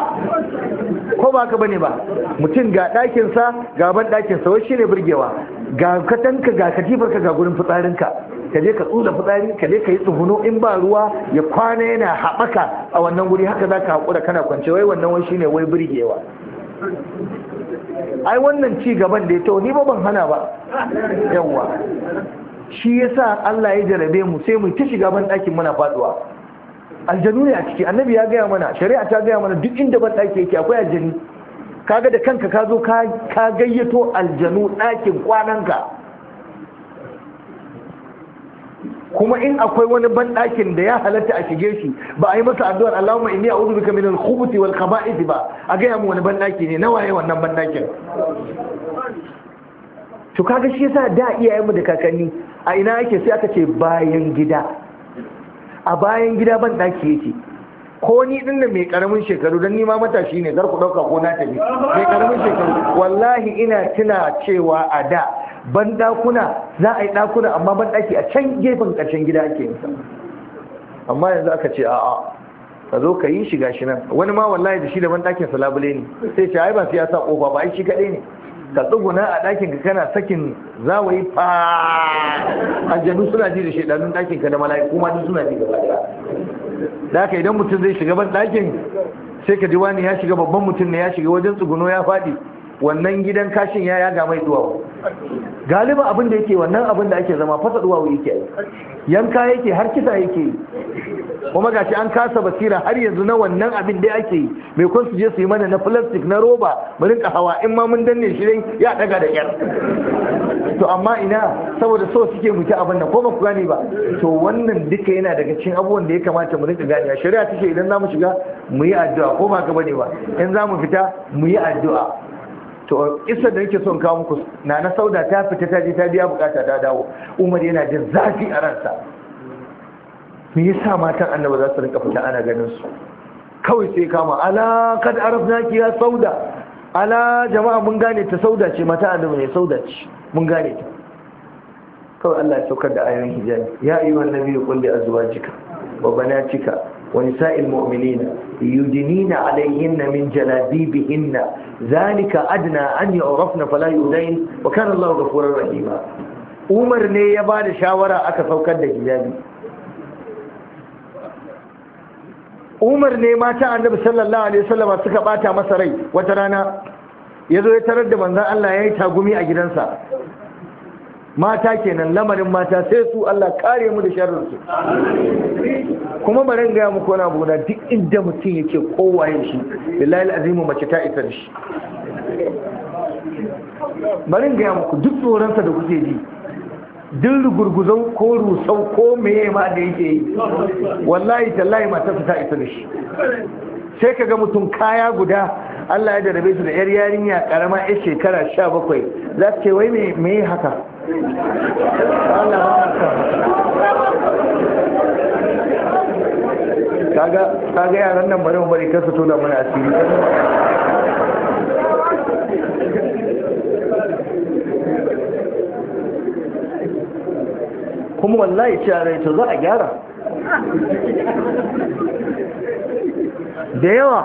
ko ba ka bane ba mutum ga ɗakinsa ga ban ɗakinsa wai shi ne burgewa ga katanka ga katifarka ga gurin fitsarinka ka je ka tsula fitsari ka je ka yi tsuhuno in ba ruwa ya kwana yana haɓaka a wannan wuri, haka za ka haƙura kana kwance wai wannan wai shine wai burgewa ai wannan ci gaban da ya to ni ba ban hana ba yawa shi yasa Allah ya jarabe mu sai mu ta shiga ban ɗakin muna faduwa aljanu ne a ciki annabi ya gaya mana shari'a ta gaya mana duk inda ban ɗaki yake akwai aljanu kaga da kanka ka zo ka gayyato aljanu ɗakin kwananka kuma in akwai wani banɗakin da ya halatta a shige shi ba a yi masa addu'ar Allahumma inni a'udhu bika minal khubuthi wal khaba'ith ba a gaya mu wani banɗaki ne nawa yayin wannan banɗakin to kaga shi yasa da iyayen mu da kakanni a ina yake sai aka ce bayan gida a bayan gida banɗaki yake ko ni din da mai karamin shekaru dan ni ma matashi ne zar ku dauka ko na tafi mai karamin shekaru wallahi ina tuna cewa a da ban dakuna za a yi dakuna amma ban daki a can gefen karshen gida ake yin amma yanzu aka ce a'a ka zo ka yi shi gashi nan wani ma wallahi da shi da ban dakin sa labule ne sai ce ai ba sai ya sa kofa ba ai shi kadai ne ka tsuguna a dakin ka kana sakin zawayi fa aljanu suna ji da shedanun dakin ka da mala'iku ma duk suna ji gaba da haka idan mutum zai shiga ban dakin sai ka ji wani ya shiga babban mutum ne ya shiga wajen tsuguno ya faɗi wannan gidan kashin ya yaga mai duwawa galiba abin da yake wannan abin da ake zama fasa duwawu yake yanka yake har kisa yake kuma ga shi an kasa basira har yanzu na wannan abin da ake yi mai kun su je su yi mana na plastic na roba bari ka hawa in ma mun danne shi ya daga da yar to amma ina saboda so suke muke abin nan ko ba ku gane ba to wannan duka yana daga cikin abubuwan da ya kamata mu rinka gane shari'a take idan zamu shiga mu yi addu'a ko ba ka bane ba in za mu fita mu yi addu'a to isa da yake son kawo muku na na sauda ta fita ta je ta biya bukata ta dawo umar yana jin zafi a ransa me yasa matan annabi za su rinka fita ana ganin su kawai sai kama ala kad arafna ki ya sauda ala jama'a mun gane ta sauda ce mata annabi ne sauda ce mun gane ta kawai Allah ya saukar da ayoyin hijabi ya ayyuhan nabiyyu qul li azwajika wa banatika ونساء المؤمنين يدنين عليهن من جلابيبهن ذلك أدنى أن يعرفن فلا يؤذين وكان الله غفورا رحيما umar ne ya ba da shawara aka saukar da hijabi umar ne mata annabi sallallahu alaihi wasallam suka bata masa rai wata rana ya zo ya tarar da manzon Allah ya yi tagumi a gidansa mata kenan lamarin mata sai su Allah kare mu da su kuma bari gaya mu kona abu da duk inda mutum yake kowaye shi billahi azimu mace ta isa shi bari gaya muku duk sa da kuke ji duk rugurguzon ko rusau ko meye ma da yake yi wallahi tallahi matarsa ta isa shi sai kaga mutum kaya guda Allah ya jarabe su da yar yarinya karama yar shekara 17 za su ce wai me yi haka kaga yaran nan bari bari kar su tona mana asiri kuma wallahi rai ta za a gyara da yawa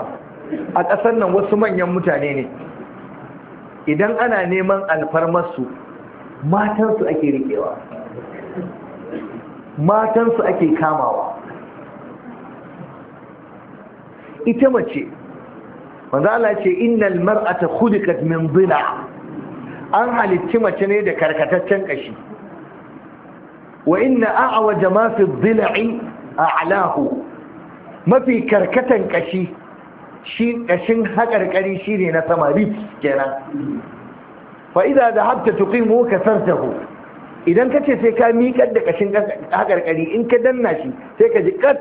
a ƙasar nan wasu manyan mutane ne idan ana neman alfarmarsu matansu ake rikewa matansu ake kamawa ita mace manzo ala ce innal mar'ata khuliqat min dhina an halicci mace ne da karkataccen kashi wa inna a'waja ma fi a a'lahu mafi karkatan kashi shi ƙashin haƙarƙari shi ne na samari kenan fa'iza da habta tuqimu ka sartahu idan ka ce sai ka miƙar da ƙashin haƙarƙari in ka danna shi sai ka ji ƙat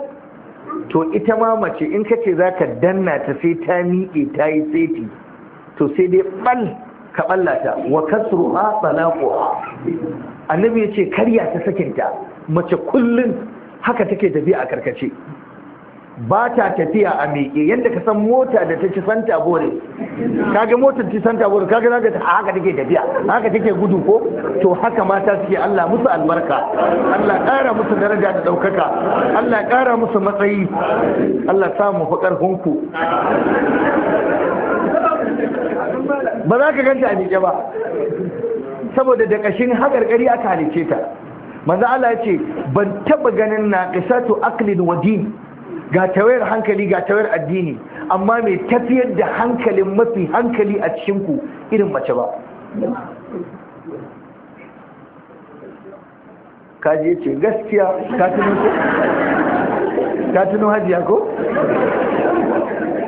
to ita ma mace in ka ce za ka danna ta sai ta miƙe ta yi saiti to sai dai ɓal ka ɓallata wa kasruha talaquha annabi ya ce karya ta sakinta mace kullum haka take tafiya a karkace ba ta tafiya a miƙe yadda ka san mota da ta ci santa bore kaga ta ci santa bore kaga zaka ta haka take tafiya haka take gudu ko to haka mata suke Allah musu albarka Allah ƙara musu daraja da ɗaukaka Allah ƙara musu matsayi Allah sa mu fakar hunku ba za ka ganta a miƙe ba saboda da ƙashin haƙarƙari aka halice ta manzo Allah ya ce ban taba ganin naqisatu aqlin wa din ga tawayar hankali ga tawayar addini amma mai tafiyar da hankalin mafi hankali a cikinku irin mace ba kaji ce gaskiya ta tuno hajiya ko?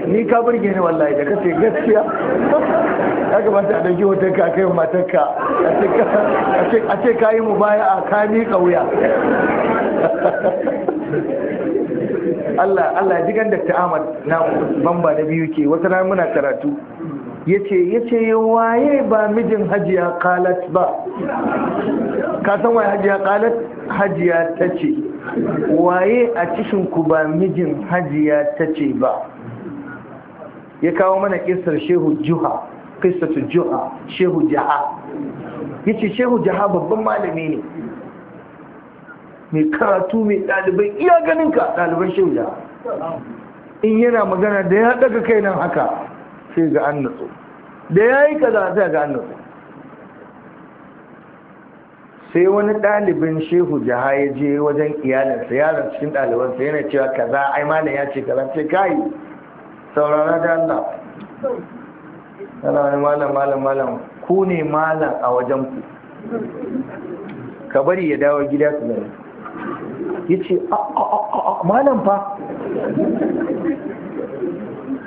ni ka gini ni wallahi da kace gaskiya ya kamata a dauki hoton ka kai matarka a ce ka yi mu baya a ka miƙa wuya Allah Allah jigan da ta'amar na bamba na biyu ke wata rana muna karatu yace yace waye ba mijin hajiya qalat ba ka san waye hajiya qalat hajiya tace waye a cikin ku ba mijin hajiya tace ba ya kawo mana kissar shehu juha qissatu juha shehu jaha yace shehu jaha babban malami ne mai karatu mai ɗalibai iya ganin ka ɗaliban shauya in yana magana da ya ɗaga kai nan haka sai ga an natsu da ya yi kaza sai ga an natsu sai wani ɗalibin shehu jaha ya je wajen iyalinsa yaron cikin ɗalibansa yana cewa kaza ai malam ya ce kaza sai kayi saurara da Allah yana wani malam malam malam ku ne malam a wajen ku ka bari ya dawo gida su gani ya ce malam fa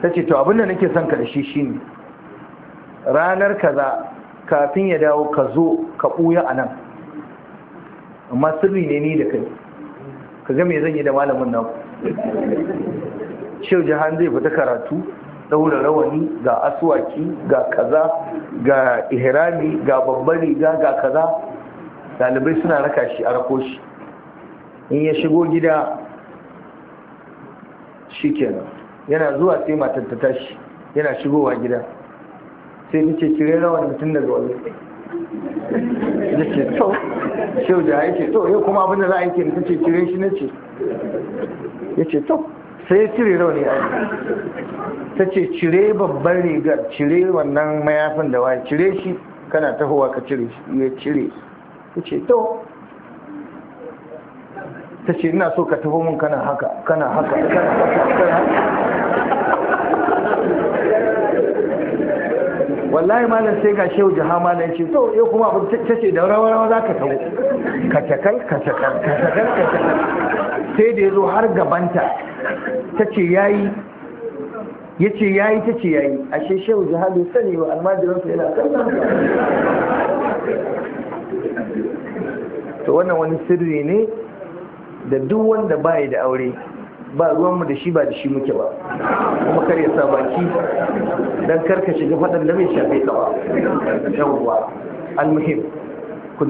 ta ce to abinda nake son ka da shi ne ranar kaza kafin ya dawo ka zo ka ɓuya a nan amma sirri ne ni da kai ka ga me zan yi da malamin nan shehu jihar zai fita karatu ɗaura rawani ga aswaki ga kaza ga ihrami ga babbar riga ga kaza Ɗalibai suna raka shi a rako shi in ya shigo gida shikenan yana zuwa sai matar ta tashi yana shigowa gida sai ta ce cire da tun daga wani da ce to shi da ya ce to yau kuma abin da za a yi ke ta ce cire shi na ce ya ce to sai ya cire rauni a ta ce cire babban rigar cire wannan mayafin da wani cire shi kana tahowa ka cire shi ya cire ya ce to ta ce ina so ka tafi mun kana haka kana haka kana haka wallahi malam sai ga shehu jaha malam ce to yau kuma abin ta ce da rawar rawa za ka tawo katakal katakal katakal katakal sai da ya zo har gabanta ta ce yayi ya ce yayi ta ce a shi shehu jiha bai sani wa almajiransa yana kallon to wannan wani sirri ne da duk wanda baya da aure ba ruwanmu da shi ba da shi muke ba kuma kar ya sa baki don karka shiga faɗan da mai shafe ka yawwa almuhim ku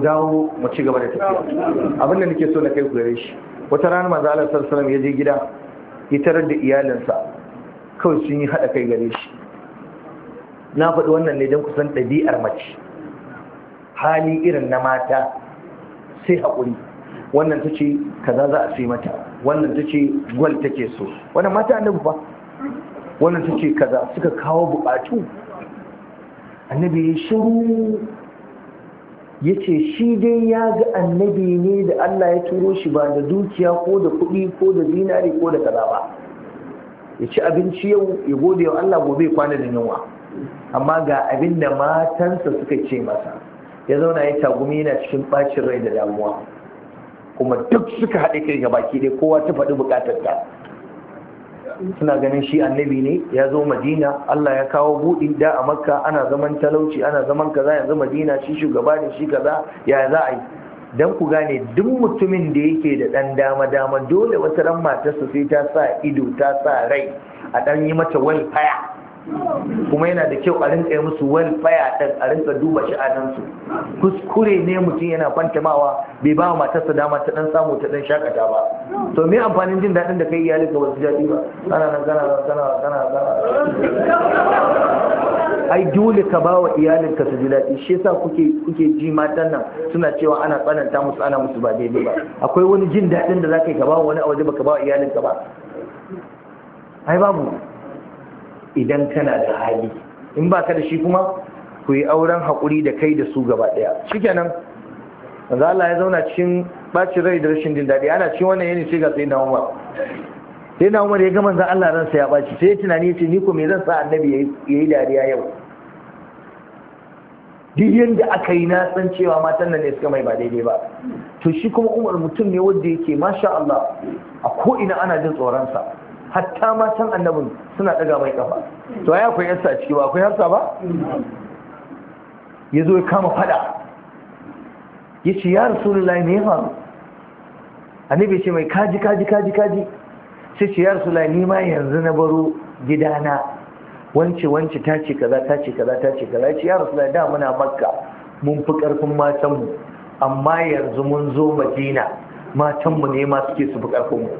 dawo mu ci gaba da tafiya abin da nake so na kai ku gare shi wata rana manzo Allah sallallahu alaihi ya je gida ya tarar da iyalinsa kawai sun yi hada kai gare shi na faɗi wannan ne don kusan ɗabi'ar mace hali irin na mata sai haƙuri wannan ta ce kaza za a sai mata wannan ta ce gwal take so wannan mata annabi ba wannan ta ce kaza suka kawo buƙatu? annabi ya shiru ya ce shi dai ya ga annabi ne da Allah ya turo shi ba da dukiya ko da kuɗi ko da zinari ko da kaza ba ya ci abinci yau ya gode wa Allah gobe kwana da yunwa amma ga abin da matansa suka ce masa ya zauna ya tagumi yana cikin ɓacin rai da damuwa kuma duk suka haɗe kai ga baki dai kowa ta faɗi buƙatar ta suna ganin shi annabi ne ya zo madina Allah ya kawo buɗi da a makka ana zaman talauci ana zaman kaza yanzu madina shi shugaba ne shi kaza ya za a yi don ku gane duk mutumin da yake da ɗan dama dama dole wata ran matarsa sai ta sa ido ta sa rai a ɗan yi mata wani haya kuma yana da kyau a rinka yi musu welfare ɗin a rinka duba sha'aninsu kuskure ne mutum yana mawa, bai ba matarsa dama ta ɗan samu ta ɗan shakata ba to me amfanin jin daɗin da kai iyali ga wasu jaɗi ba kana nan kana nan kana kana kana ai dole ka ba wa iyalin ka su ji daɗi shi yasa kuke kuke ji matan nan suna cewa ana tsananta musu ana musu ba daidai ba akwai wani jin daɗin da za ka yi ka ba wani a waje ba ka ba wa iyalin ka ba ai babu idan kana da hali in ba ka da shi kuma ku yi auren haƙuri da kai da su gaba ɗaya kenan za Allah ya zauna cikin bacin rai da rashin jin daɗi ana cikin wannan yanayi sai ga sai na Umar sai na Umar ya gama za Allah ransa ya baci sai ya tunani ya ce ni ko me zan sa annabi ya yi dariya yau duk yadda aka yi na san cewa matan nan ne suka mai ba daidai ba to shi kuma umar mutum ne wanda yake masha Allah a ko'ina ana jin tsoronsa hatta matan annabin suna daga mai kafa to ya akwai yarsa a ciki ba akwai harsa ba ya zo ya kama fada ya ce ya rasulullahi ne ya faru annabi ce mai kaji kaji kaji kaji sai ce ya rasulullahi ni ma yanzu na baro gidana wance wance ta ce kaza ta ce kaza ta ce kaza ya ce ya rasulullahi da muna makka mun fi karfin matanmu amma yanzu mun zo madina matanmu ne ma suke su fi karfinmu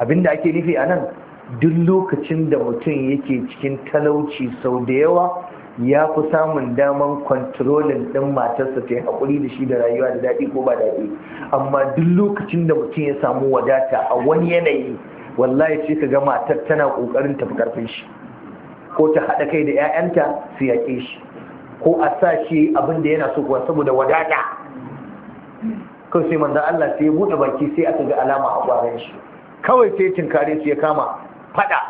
abinda ake nufi a nan duk lokacin da mutum yake cikin talauci sau da yawa ya fi samun daman kwantarolin ɗin matarsa ta yi haƙuri da shi da rayuwa da daɗi ko ba daɗi amma duk lokacin da mutum ya samu wadata a wani yanayi wallahi ce ka ga matar tana ƙoƙarin tafi ƙarfin shi ko ta haɗa kai da 'ya'yanta su yaƙe shi ko a sa shi abin da yana so kuwa saboda wadata kawai sai manzan Allah sai ya buɗe baki sai aka ga alama a ƙwarar shi kawai sai kare su ya kama fada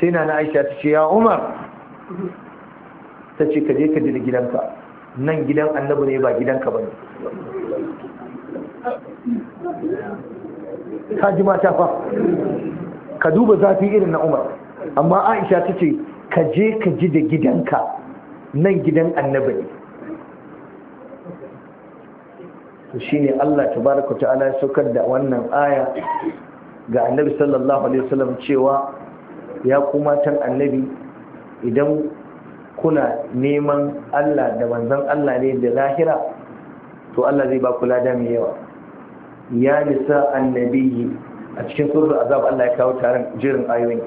sai na na aisha ta ce ya umar ta ce ka je ka ji da gidanka nan gidan annabu ne ba gidanka ba ne ta ji mata fa ka duba zafi irin na umar amma aisha ta ce ka je ka ji da gidanka nan gidan annabu ne to ne Allah baraka ta'ala ya saukar da wannan aya ga annabi sallallahu alaihi wasallam cewa ya kuma tan annabi idan kuna neman Allah da manzon Allah ne da lahira to Allah zai ba ku lada mai yawa ya nisa annabi a cikin suratul azab Allah ya kawo taron jirin ayoyin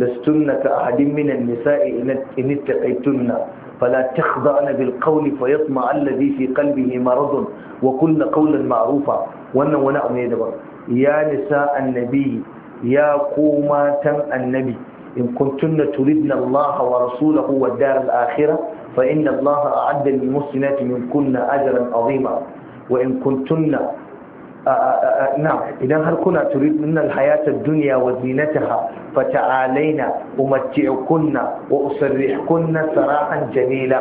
lastunna ka ahadin minan nisa'i in ittaqaytunna qawli fa yatma alladhi fi qalbihi maradun wa وقلن qawlan ma'rufa wannan wani abu ne daban ya nisa annabi ya ko tan annabi in kuntunna turidna Allah wa rasulahu wa dar al-akhirah fa inna Allah a'adda lil muslimati min kunna ajran azima wa in kuntunna نعم إذا هل كنا تريدن الحياة الدنيا وزينتها فتعالينا أمتعكن وأسرحكن سراحا Jamila.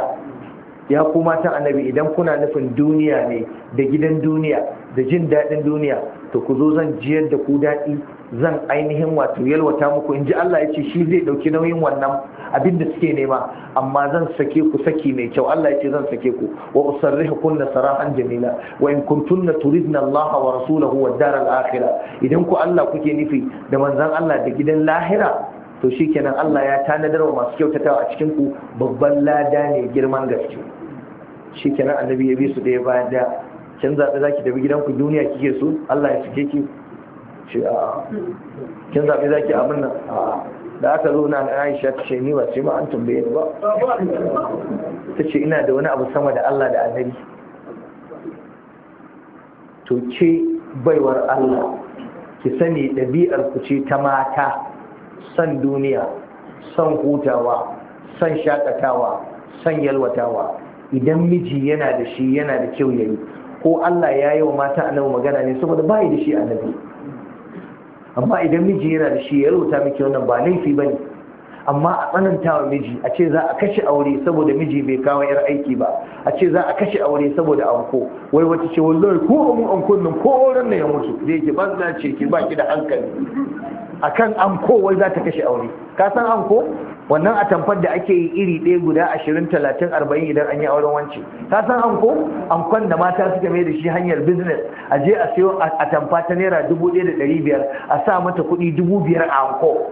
ya kuma ta annabi idan kuna nufin duniya ne da gidan duniya da jin daɗin duniya to ku zo zan jiyar da ku daɗi zan ainihin wato yalwata muku in ji Allah ya ce shi zai ɗauki nauyin wannan abin da suke nema amma zan sake ku saki mai kyau Allah ya ce zan sake ku wa usarrihu kunna sarahan jamila wa in kuntunna turidna Allah wa rasulahu wa dar al akhirah idan ku Allah kuke nufi da manzon Allah da gidan lahira to shikenan Allah ya tanadar wa masu kyautatawa a cikin ku babban lada ne girman gaske shikenan annabi ya bi su da ya bada can zaɓe za ki tafi gidanku duniya kike so Allah ya cike ki ce a can zaɓe za ki abin nan da aka zo na Aisha ta ce ni ba ce ma an tambaye ni ba ta ce ina da wani abu sama da Allah da annabi to ce baiwar Allah ki sani ɗabi'ar ku ce ta mata san duniya san hutawa san shakatawa san yalwatawa idan miji yana da shi yana da kyau yayi ko Allah ya yi wa mata a annabi magana ne saboda ba da shi annabi amma idan miji yana da shi ya rubuta miki wannan ba laifi ba ne amma a tsananta wa miji a ce za a kashe aure saboda miji bai kawo yar aiki ba a ce za a kashe aure saboda anko wai wata ce wallahi ko mu ankon nan ko ran nan ya mutu da yake ba za ce ki ba ki da hankali akan anko wai za ta kashe aure ka san anko wannan atamfar da ake yi iri ɗaya guda ashirin talatin arba'in idan an yi auren wance ka san anko ankon da mata suka mai da shi hanyar business a je a siyo atamfa ta naira dubu ɗaya da ɗari biyar a sa mata kuɗi dubu biyar a anko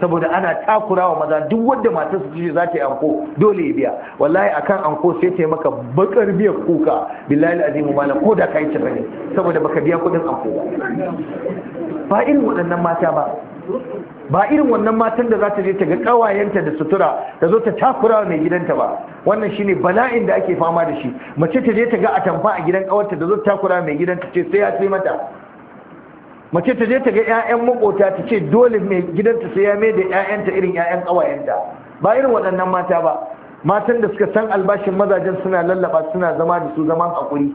saboda ana takura wa maza duk wanda matar su ce za ta yi anko dole ya biya wallahi akan anko sai ta yi maka bakar biyan kuka billahi azimu malam ko da kai cika ne saboda baka biya kudin anko ba ba irin waɗannan mata ba ba irin wannan matan da za ta je ta ga kawayenta da sutura da zo ta takura mai gidanta ba wannan shine bala'in da ake fama da shi mace ta je ta ga atamfa a gidan kawarta da zo ta takura mai gidanta ce sai ya ce mata mace ta je ta ga 'ya'yan makota ta ce dole mai gidanta sai ya mai da 'ya'yanta irin 'ya'yan ƙawayenta ba irin waɗannan mata ba matan da suka san albashin mazajen suna lallaba suna zama da su zaman haƙuri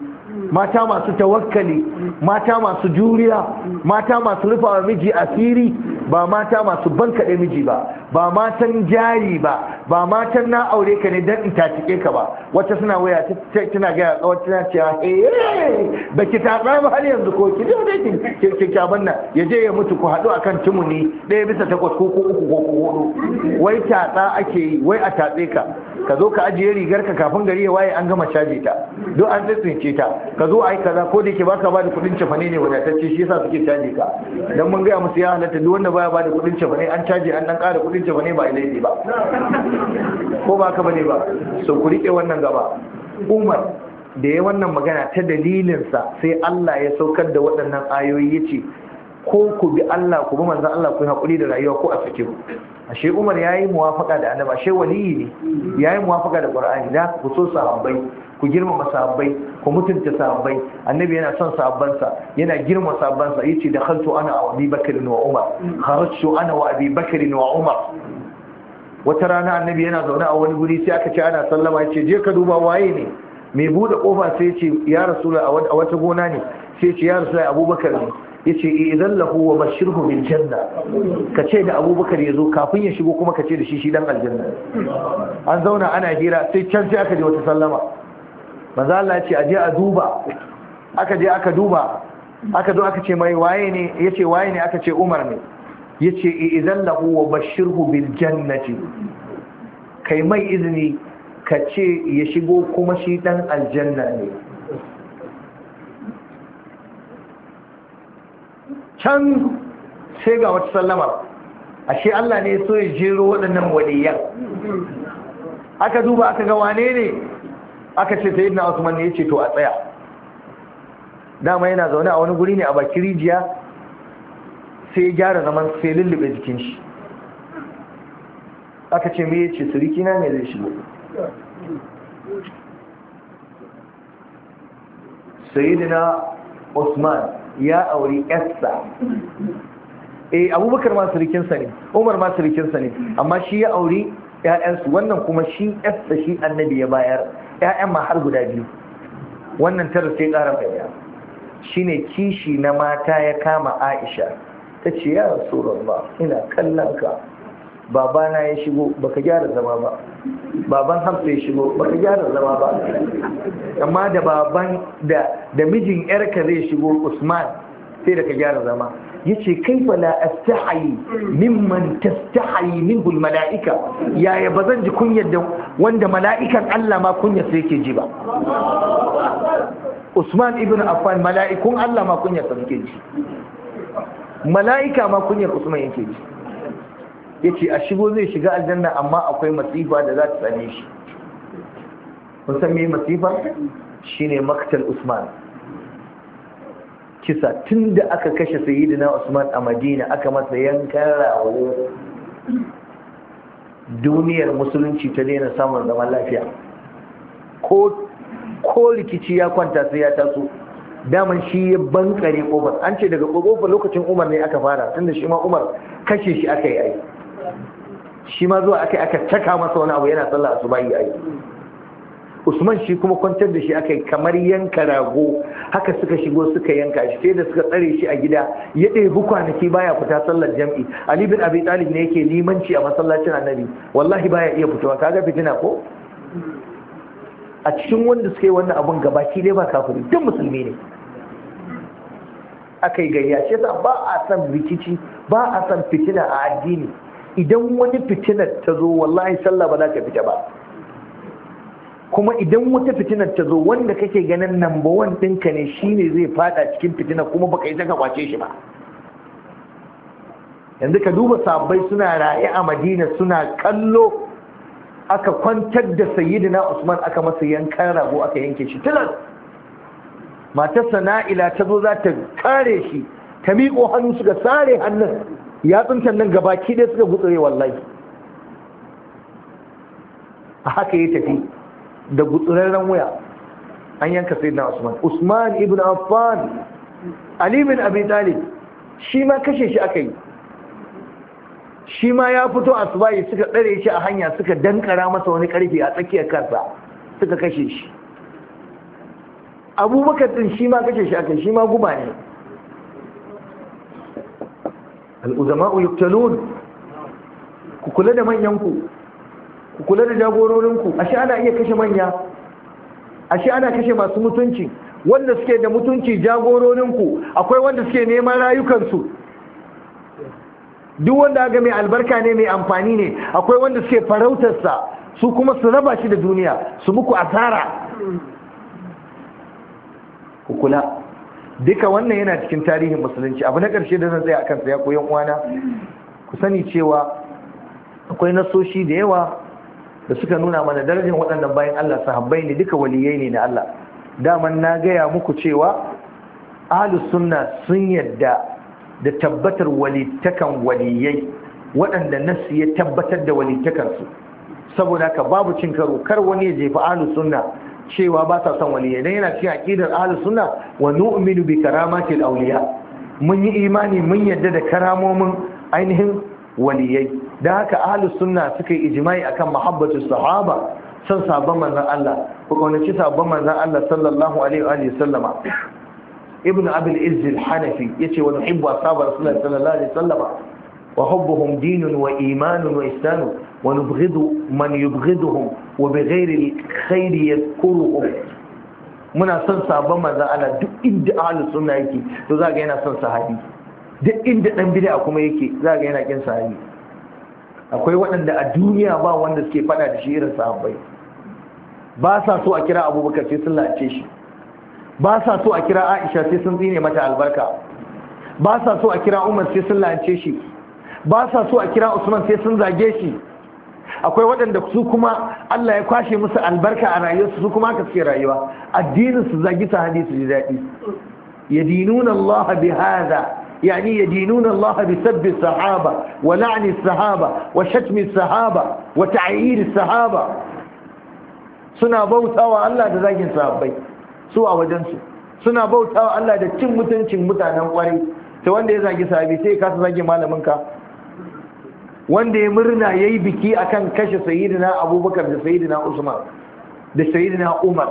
mata masu tawakkali mata masu juriya mata masu rufawa miji asiri ba mata masu ban kaɗe miji ba ba matan jari ba ba matan na aure ka ne don in cike ka ba wacce suna waya tana gaya tsawon tana cewa eh ba ki ta ba har yanzu ko ki dai ki ki kyaban nan ya je ya mutu ku haɗu akan tumuni ɗaya bisa takwas ko ko uku ko hudu wai tatsa ake yi wai a tatse ka ka zo ka ajiye rigar ka kafin gari ya waye an gama caji ta duk an tsintsince ta ka zo a yi kaza ko da ke baka ba da kuɗin cefane ne wadatacce shi yasa suke caji ka dan mun gaya musu ya halatta duk wanda baya ba da kudin cefa ne an caji an dan kara kudin cefa ne ba laifi ba ko ba ka bane ba so ku rike wannan gaba umar da ya wannan magana ta dalilin sa sai Allah ya saukar da waɗannan ayoyi yace ko ku bi Allah ku bi manzon Allah ku yi da rayuwa ko a sake ku ashe Umar ya yi muwafaka da annaba ashe waliyi ne yayi yi muwafaka da Qur'ani da ku so sahabbai ku girmama sahabbai ku mutunta sahabbai annabi yana son sahabbansa yana girma sahabbansa yace da khaltu ana wa Abi Bakr wa Umar kharajtu ana wa Abi Bakr wa Umar wata rana annabi yana zaune a wani guri sai aka ce ana sallama yace je ka duba waye ne mai bude kofa sai yace ya rasulullah a wata gona ne sai yace ya rasulullah Abubakar ne yace eh, idan lahu wa bashirhu bil janna kace da abubakar yazo kafin ya shigo kuma kace da shi shi dan aljanna an zauna ana hira sai can sai aka je wata sallama manzo Allah ya ce aje a duba aka je aka duba aka zo aka ce mai waye ne yace waye ne aka ce Umar ne yace idan lahu wa bashirhu bil jannati kai mai izini ka ce ya shigo kuma shi dan aljanna ne can sai ga wata sallama ashe Allah ne so ya jero waɗannan waliyan aka duba aka ga wane ne aka ce sai na wasu ne ya ce to a tsaya dama yana zaune a wani guri ne a bakin rijiya sai ya gyara zaman sai lullube jikin shi aka ce me ya ce suriki na ne zai shigo na usman ya auri yarsa eh abubakar ma surikinsa ne umar ma surikinsa ne amma shi ya auri 'ya'yansu wannan kuma shi yarsa shi annabi ya bayar ƴaƴan ma har guda biyu wannan tara sai ƙara bayyana ne kishi na mata ya kama Aisha ta ce ya ba, ina kallon ka babana ya shigo baka gyara zama ba baban hamsa ya shigo baka gyara zama ba amma da baban da mijin yarka zai shigo Usman sai da ka gyara zama Ya yace kaifa la astahi mimman tastahi minhu mala'ika. yaya bazan ji kunyar da wanda mala'ikan Allah ma kunyar sai yake ji ba Usman ibn Affan mala'ikun Allah ma kunyar sa yake ji mala'ika ma kunyar Usman yake ji yace a shigo zai shiga aljanna amma akwai masifa da za ta same shi kun san me masifa shine maktal Usman kisa tun da aka kashe sayidina usman a madina aka masa yankan rawaye duniyar musulunci ta daina samun zaman lafiya ko rikici ya kwanta sai ya taso daman shi ya bankare kofar an ce daga kofar lokacin umar ne aka fara tun da shi ma umar kashe shi aka yi aiki. shi ma zuwa aka aka caka masa wani abu yana sallah asuba yi aiki. usman shi kuma kwantar da shi aka yi kamar yanka rago haka suka shigo suka yanka shi sai da suka tsare shi a gida ya ɗebi kwanaki baya fita sallar jam'i ali bin abi talib ne yake limanci a masallacin annabi wallahi baya iya fitowa kaga fitina ko a cikin wanda suka yi wannan abun gabaki ne ba kafiri duk musulmi ne aka yi gayya shi yasa ba a san rikici ba a san fitina a addini idan wani fitinar ta zo wallahi sallah ba za ka fita ba kuma idan wata fitinar ta zo wanda kake ganin number one ɗinka ne shine zai fada cikin fitina kuma baka yi ka kwace shi ba yanzu ka duba sabbai suna raye a madina suna kallo aka kwantar da sayyidina usman aka masa yankan rago aka yanke shi tilas matarsa na'ila ta zo za ta kare shi ta miƙo hannu suka sare hannun yatsuntan nan gaba ɗaya suka gutsure wallahi a haka ya tafi da gutsurarren waya an yanka sayyidina usman usman ibn affan ali bin abi talib shi ma kashe shi aka yi shi ma ya fito a subayi suka tsare shi a hanya suka dankara masa wani karfe a tsakiyar kansa suka kashe shi abubakar din shi ma kashe shi aka shi ma guba ne al'uzama'u yuktalun ku kula da manyan ku. ku kula da jagororinku ashe ana iya kashe manya ashe ana kashe masu mutunci wanda suke da mutunci jagororinku akwai wanda suke neman rayukansu duk wanda aga mai albarka ne mai amfani ne akwai wanda suke farautarsa su kuma su raba shi da duniya su muku asara ku kula duka wannan yana cikin tarihin musulunci abu na ƙarshe da zan tsaya a kansa ya koyon uwana ku sani cewa akwai nasoshi da yawa da suka nuna mana darajar waɗannan bayan Allah sahabbai ne duka waliyai ne na Allah daman na gaya muku cewa ahlus sunna sun yadda da tabbatar walittakan waliyai waɗanda nasu ya tabbatar da su saboda ka babu cin karo kar wani ya jefa ahlus sunna cewa ba sa son waliyai dan yana cikin aqidar ahlus sunna wa nu'minu bi karamatil awliya mun yi imani mun yadda da karamomin ainihin waliyai da haka ahalus sunna suka yi ijma'i akan mahabbatu sahaba san sabon manzon Allah ko kaunaci sabon manzon Allah sallallahu alaihi wa sallama ibn abul izz al-hanafi yace wa nuhibbu ashab rasulullahi sallallahu alaihi wa sallama wa hubbuhum dinun wa imanun wa ihsan wa nubghidu man yubghiduhum wa bighairi al-khair yadhkuruhum muna son sabon manzon Allah duk inda ahalus sunna yake to zaka yana son sahabi duk inda dan bid'a kuma yake za ga yana kin sahabi akwai waɗanda a duniya ba wanda suke fada da shi irin sahabbai ba sa so a kira abubakar sai sun lalace shi ba sa so a kira aisha sai sun tsine mata albarka ba sa so a kira umar sai sun lalace shi ba sa so a kira usman sai sun zage shi akwai waɗanda su kuma Allah ya kwashe musu albarka a rayuwarsu su kuma aka suke rayuwa addinin su zagi sahabi su ji daɗi yadinuna Allah bi hada يعني يدينون الله بسب الصحابة ولعن الصحابة وشتم الصحابة وتعيير الصحابة سنا بوتا والله دزاجين صحابي سوى Suna bautawa Allah da cin mutuncin mutanen واري ta wanda ya zagi sahabi sai ka ta zagi malaminka wanda ya murna ya yi biki a kan kashe sayidina abubakar da sayidina usman da sayidina umar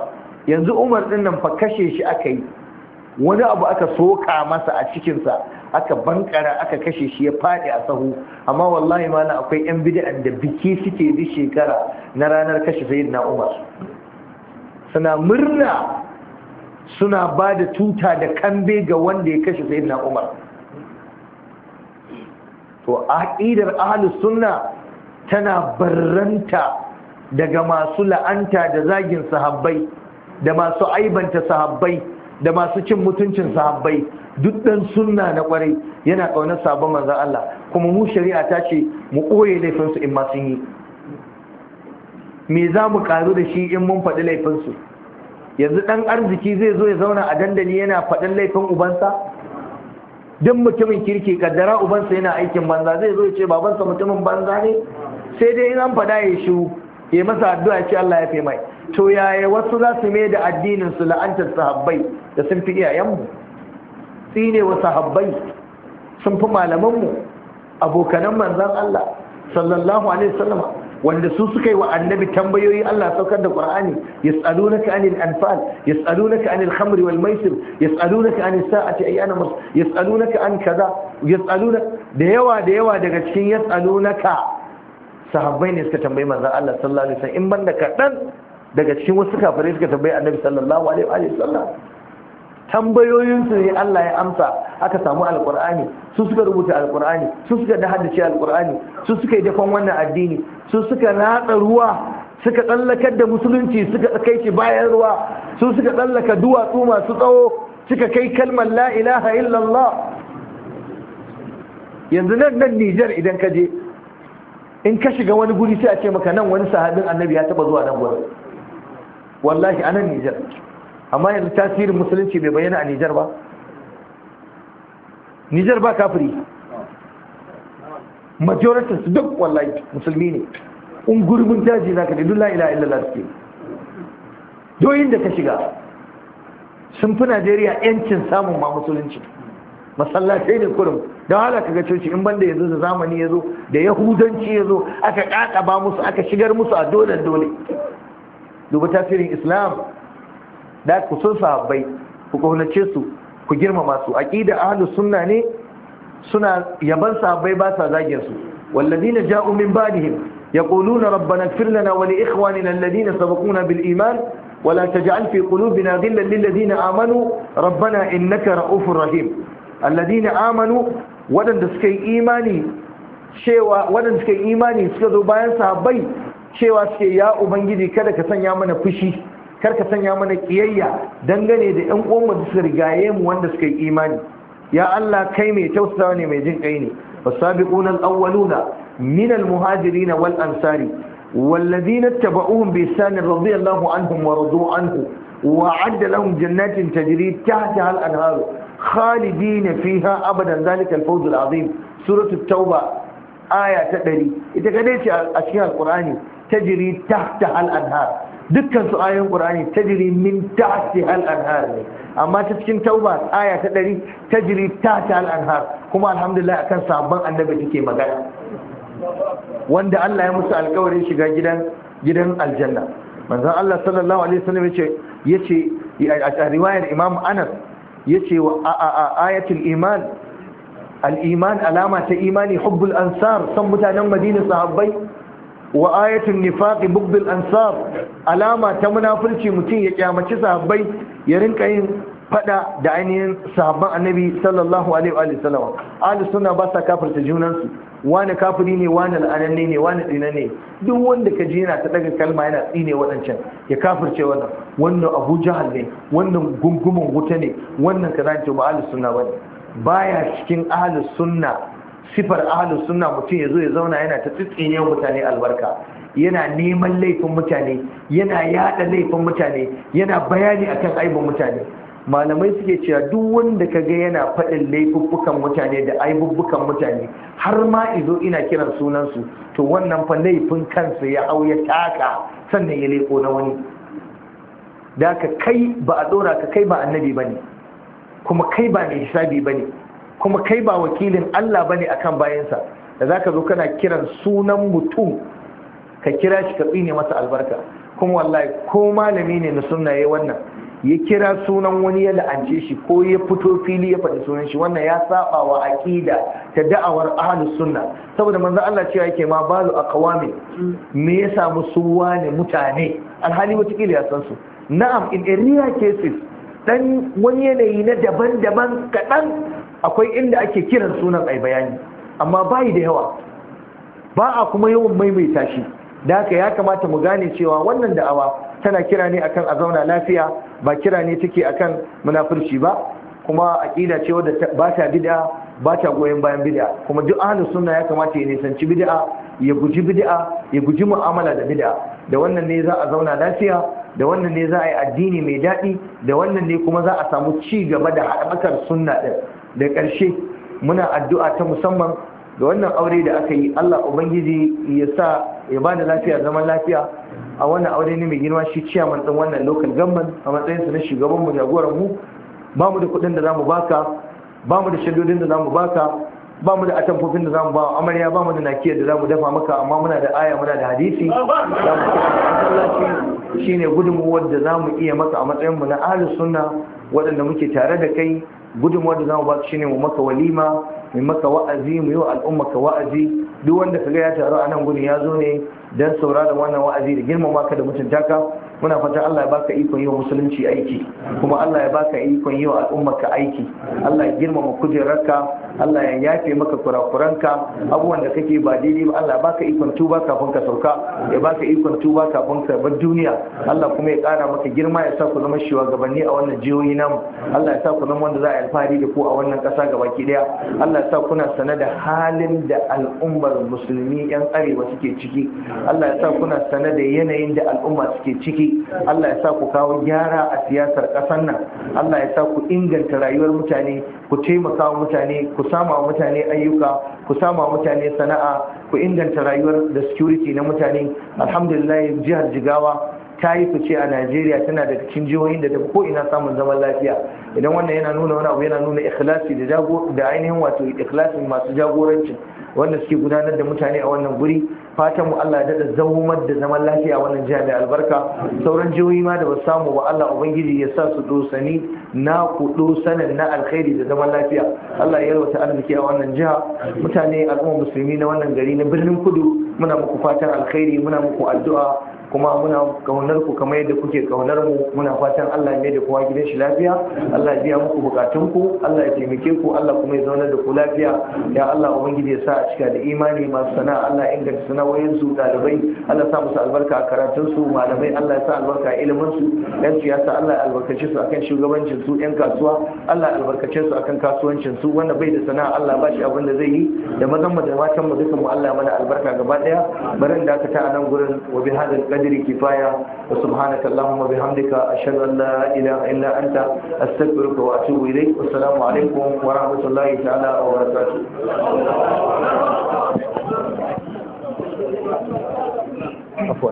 yanzu umar din nan fa kashe shi aka yi wani abu aka soka masa a cikinsa aka bankara aka kashe shi ya faɗi a sahu amma wallahi ma akwai 'yan bid'an da biki suke bi shekara na ranar kashe Sayyidina umar suna murna suna ba da tuta da kambe ga wanda ya kashe Sayyidina umar to aƙidar ahalus sunna tana barranta daga masu la'anta da zagin sahabbai da masu aibanta sahabbai da masu cin mutuncin sahabbai duk dan sunna na kwarai yana kaunar sabon manzon Allah kuma mu shari'a ta ce mu laifin laifinsu in ma sun yi me za mu ƙaru da shi in mun faɗi laifinsu yanzu dan arziki zai zo ya zauna a dandali yana faɗin laifin ubansa duk mutumin kirki kaddara ubansa yana aikin banza zai zo ya ce babansa mutumin banza ne sai dai in an faɗa ya shiru ya masa addu'a ya ce Allah ya fi mai to yaya wasu za su mai da addinin su la'antar sahabbai da sun fi iyayenmu tsine wa sahabbai sun fi malamanmu abokanan manzan Allah sallallahu alaihi wasallam wanda su suka yi wa annabi tambayoyi Allah saukar da Qur'ani yas'alunaka anil anfal yas'alunaka anil khamri wal maisir yas'alunaka anis sa'ati ayyana mus yas'alunaka an kaza yas'alunaka da yawa da yawa daga cikin yas'alunaka sahabbai ne suka tambayi manzon Allah sallallahu alaihi wasallam in banda kaɗan. daga cikin wasu kafirai suka tambayi annabi sallallahu alaihi wa sallam tambayoyinsu ne Allah ya amsa aka samu alkur'ani su suka rubuta alkur'ani su suka da haddace alkur'ani su suka yi dafan wannan addini su suka ratsa ruwa suka tsallakar da musulunci suka kai shi bayan ruwa su suka tsallaka duwatsu masu tsawo suka kai kalmar la ilaha illallah yanzu nan nan Nijar idan ka je in ka shiga wani guri sai a ce maka nan wani sahabin annabi ya taba zuwa nan gurin wallahi a nan nijar amma yanzu tasirin musulunci bai bayyana a nijar ba nijar ba kafiri majoritin su duk wallahi musulmi ne gurbin daji na kaɗe duk la'ila illallah suke doyin da ka shiga sun fi najeriya yancin samun ma musulunci masallatai ne kurum don hala kaga coci in banda yanzu da zamani ya zo da yahudanci ya zo aka ƙaƙaba musu aka shigar musu a dole dole duba tasirin islam da ku sun sahabbai ku kaunace su ku girmama su aqida ahlus sunna ne suna yaban sahabbai ba sa zagin su wallazina ja'u min ba'dihim yaquluna rabbana ighfir lana wa li ikhwanina alladhina sabaquna bil iman wa la taj'al fi qulubina ghillan lil ladina amanu rabbana innaka ra'ufur rahim alladhina amanu wadanda suka yi imani cewa wadanda suka yi imani suka zo bayan sahabbai cewa suke ya ubangiji kada ka sanya mana fushi kar ka sanya mana kiyayya dangane da 'yan ƙoma da su rigaye mu wanda suka yi imani ya allah kai mai tausasa ne mai jin kai ne wasabiquna alawwaluna min almuhajirin wal ansari walladhina tabauhum bi ihsan radiyallahu anhum wa radu anhu wa adda lahum jannatin tajri tahta al anhar Khalidi fiha abadan zalika al fawz al azim suratu tauba aya ta ɗari. ita kadai ce a cikin alqur'ani tajiri tahta al-anhar dukkan su ayoyin qur'ani tajri min tahti al-anhar ne amma ta cikin tauba aya ta ɗari tajri tahta al-anhar kuma alhamdulillah akan sabon annabi take magana wanda Allah ya musu alkawari shiga gidan gidan aljanna manzon Allah sallallahu alaihi wasallam ya ce a riwayar Imam Anas yace wa ayatul iman al-iman alama ta imani hubbul ansar san mutanen Madina sahabbai wa ayatul nifaqi bughdul ansar alama ta munafurci mutum ya kyamaci sahabbai ya rinka yin fada da ainihin sahabban annabi sallallahu alaihi wa sallam ahli sunna ba sa kafirta junansu wani kafiri ne wani la'ananne ne wani tsina ne duk wanda ka ji yana ta daga kalma yana tsine waɗancan ya kafirce wannan wannan abu jahal ne wannan gungumin wuta ne wannan kaza ce ba ahli sunna ne baya cikin ahli sunna sifar Alu suna mutum ya zo ya zauna yana ta tsitsine mutane albarka yana neman laifin mutane yana yada laifin mutane yana bayani akan aibin mutane malamai suke cewa duk wanda ka ga yana faɗin laifuffukan mutane da aibubbukan mutane har ma izo ina kiran sunansu to wannan fa laifin kansa ya hau ya taka sannan ya leko na wani da ka kai ba a ɗora ka kai ba annabi bane kuma kai ba mai hisabi bane kuma kai ba wakilin Allah ba bane akan bayansa da za ka zo kana kiran sunan mutum ka kira shi ka tsine masa albarka kuma wallahi ko malami ne na sunna ya wannan ya kira sunan wani ya la'ance shi ko ya fito fili ya faɗi sunan shi wannan ya saba wa aƙida ta da'awar ahalus sunna saboda manzo Allah cewa yake ma balu aqwami me ya samu su wani mutane alhali wata ya san su na'am in real cases dan wani yanayi na daban-daban kaɗan akwai inda ake kiran sunan ai bayani amma bayi da yawa ba a kuma yawan maimaita shi da haka ya kamata mu gane cewa wannan da'awa tana kira ne akan a zauna lafiya ba kira ne take akan munafurci ba kuma aqida ce wadda ba ta bid'a ba ta goyon bayan bid'a kuma duk ahli sunna ya kamata ya nisanci bid'a ya guji bid'a ya guji mu'amala da bid'a da wannan ne za a zauna lafiya da wannan ne za a yi addini mai daɗi da wannan ne kuma za a samu ci gaba da haɓakar sunna ɗin da ƙarshe muna addu'a ta musamman da wannan aure da aka yi Allah Ubangiji ya sa ya ba da lafiya zaman lafiya a wannan aure ne mai girma shi ciyaman ɗin wannan local government a matsayinsa na shugaban mu jagoran mu ba mu da kuɗin da zamu baka ba mu da shadodin da zamu baka ba mu da atamfofin da zamu ba wa amarya ba mu da nakiya da zamu dafa maka amma muna da aya muna da hadisi shi shine gudunmuwar da zamu iya maka a matsayin mu na ahlus sunna waɗanda muke tare da kai gudunmuwa da zamu ba su shine mu maka walima mai maka wa'azi mu yi wa al'umma ka wa'azi duk wanda kaga ya taru a nan gudun ya zo ne dan da wannan wa'azi da girmama ka da mutunta ka muna fatan Allah ya baka ikon yi wa musulunci aiki kuma Allah ya baka ikon yi wa al'ummarka aiki Allah ya girmama kujerarka Allah ya yafe maka kurakuranka abubuwan da kake ba daidai ba Allah ya baka ikon tuba kafin ka sauka ya baka ikon tuba kafin ka bar duniya Allah kuma ya kara maka girma ya sa ku zama shugabanni a wannan jihohi namu Allah ya sa ku zama wanda za a alfahari da ku a wannan kasa gabaki daya Allah ya sa kuna sane da halin da al'ummar musulmi yan arewa suke ciki Allah ya sa kuna sane da yanayin da al'umma suke ciki Allah ya sa ku kawo gyara a siyasar ƙasar nan Allah ya sa ku inganta rayuwar mutane ku taimaka wa mutane ku sama wa mutane ayyuka ku sama wa mutane sana'a ku inganta rayuwar da security na mutane alhamdulillah jihar Jigawa ta yi fice a Najeriya tana da cikin jihohin da ko ina samun zaman lafiya idan wannan yana nuna wani abu yana nuna ikhlasi da da ainihin wato ikhlasin masu jagoranci wanda suke gudanar da mutane a wannan guri fatan mu Allah ya dada zaumar da zaman lafiya wannan jiha mai albarka sauran jihohi ma da ba samu ba Allah ubangiji ya sa su dosani na ku dosanin na alkhairi da zaman lafiya Allah ya yalwata arziki a wannan jiha mutane al'umma musulmi na wannan gari na birnin kudu muna muku fatan alkhairi muna muku addu'a kuma muna kaunar ku kamar yadda kuke kaunar mu muna fatan Allah ya da kowa gidan shi lafiya Allah ya biya muku bukatun ku Allah ya taimake ku Allah kuma ya zauna da ku lafiya ya Allah ubangiji ya sa a cika da imani masu sana'a Allah inganta sana'o'in su dalibai Allah sa musu albarka a karatun su malamai Allah ya sa albarka a ilimin su yan siyasa Allah ya albarkace su akan shugabancin su yan kasuwa Allah ya albarkace su akan kasuwancin su wanda bai da sana'a Allah ba shi abin da zai yi da mazan mu da matan mu dukan mu Allah mana albarka gaba daya barin da ka ta a nan gurin wa bi hadal qadri kifaya wa subhanaka allahumma bihamdika ashhadu an la ilaha illa anta astaghfiruka wa